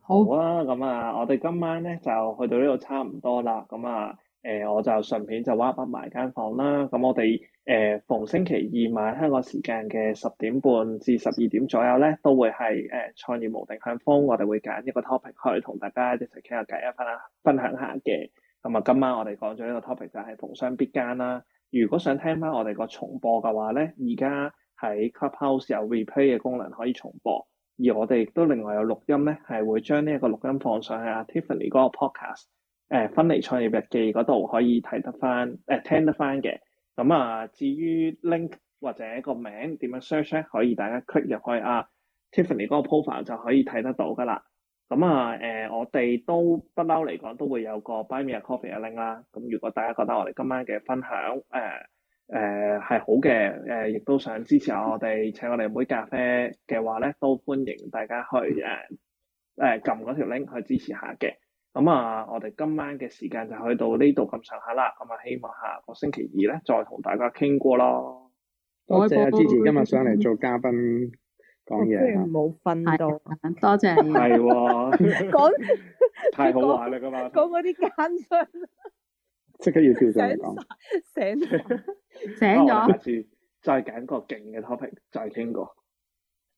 A: 好啊，咁啊，我哋今晚咧就去到呢度差唔多啦，咁啊。誒、呃，我就順便就挖安排埋間房啦。咁、嗯、我哋誒、呃、逢星期二晚香港時間嘅十點半至十二點左右咧，都會係誒、呃、創業無定向瘋，我哋會揀一個 topic 去同大家一齊傾下偈，一翻分享下嘅。咁、嗯、啊，今晚我哋講咗呢個 topic 就係逢商必奸啦。如果想聽翻我哋個重播嘅話咧，而家喺 Clubhouse 有 replay 嘅功能可以重播，而我哋亦都另外有錄音咧，係會將呢一個錄音放上去 a Tiffany 嗰個 podcast。誒、呃、芬尼創業日記嗰度可以睇得返，誒、呃、聽得返嘅。咁啊，至於 link 或者個名點樣 search 咧，可以大家 click 入去啊。Tiffany 嗰個 profile 就可以睇得到㗎喇。咁啊，誒、呃、我哋都不嬲嚟講都會有個 Buy Me A Coffee 嘅 link 啦。咁如果大家覺得我哋今晚嘅分享誒誒係好嘅，誒、呃、亦都想支持下我哋，請我哋杯咖啡嘅話咧，都歡迎大家去誒誒撳嗰條 link 去支持下嘅。咁啊，我哋今晚嘅時間就去到呢度咁上下啦。咁啊，希望下個星期二咧，再同大家傾過咯。多謝啊，之前今日上嚟做
D: 嘉賓講嘢。
B: 雖然冇瞓到，多謝。係喎，講太好玩啦
A: 㗎嘛，
E: 講嗰啲奸商，
A: 即刻要跳上嚟講，
E: 醒醒醒咗。下
A: 次再揀個勁嘅 topic，再傾過。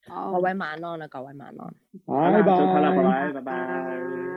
A: 好，各
E: 位晚安啦，各位晚安。拜
A: 拜。好，拜拜。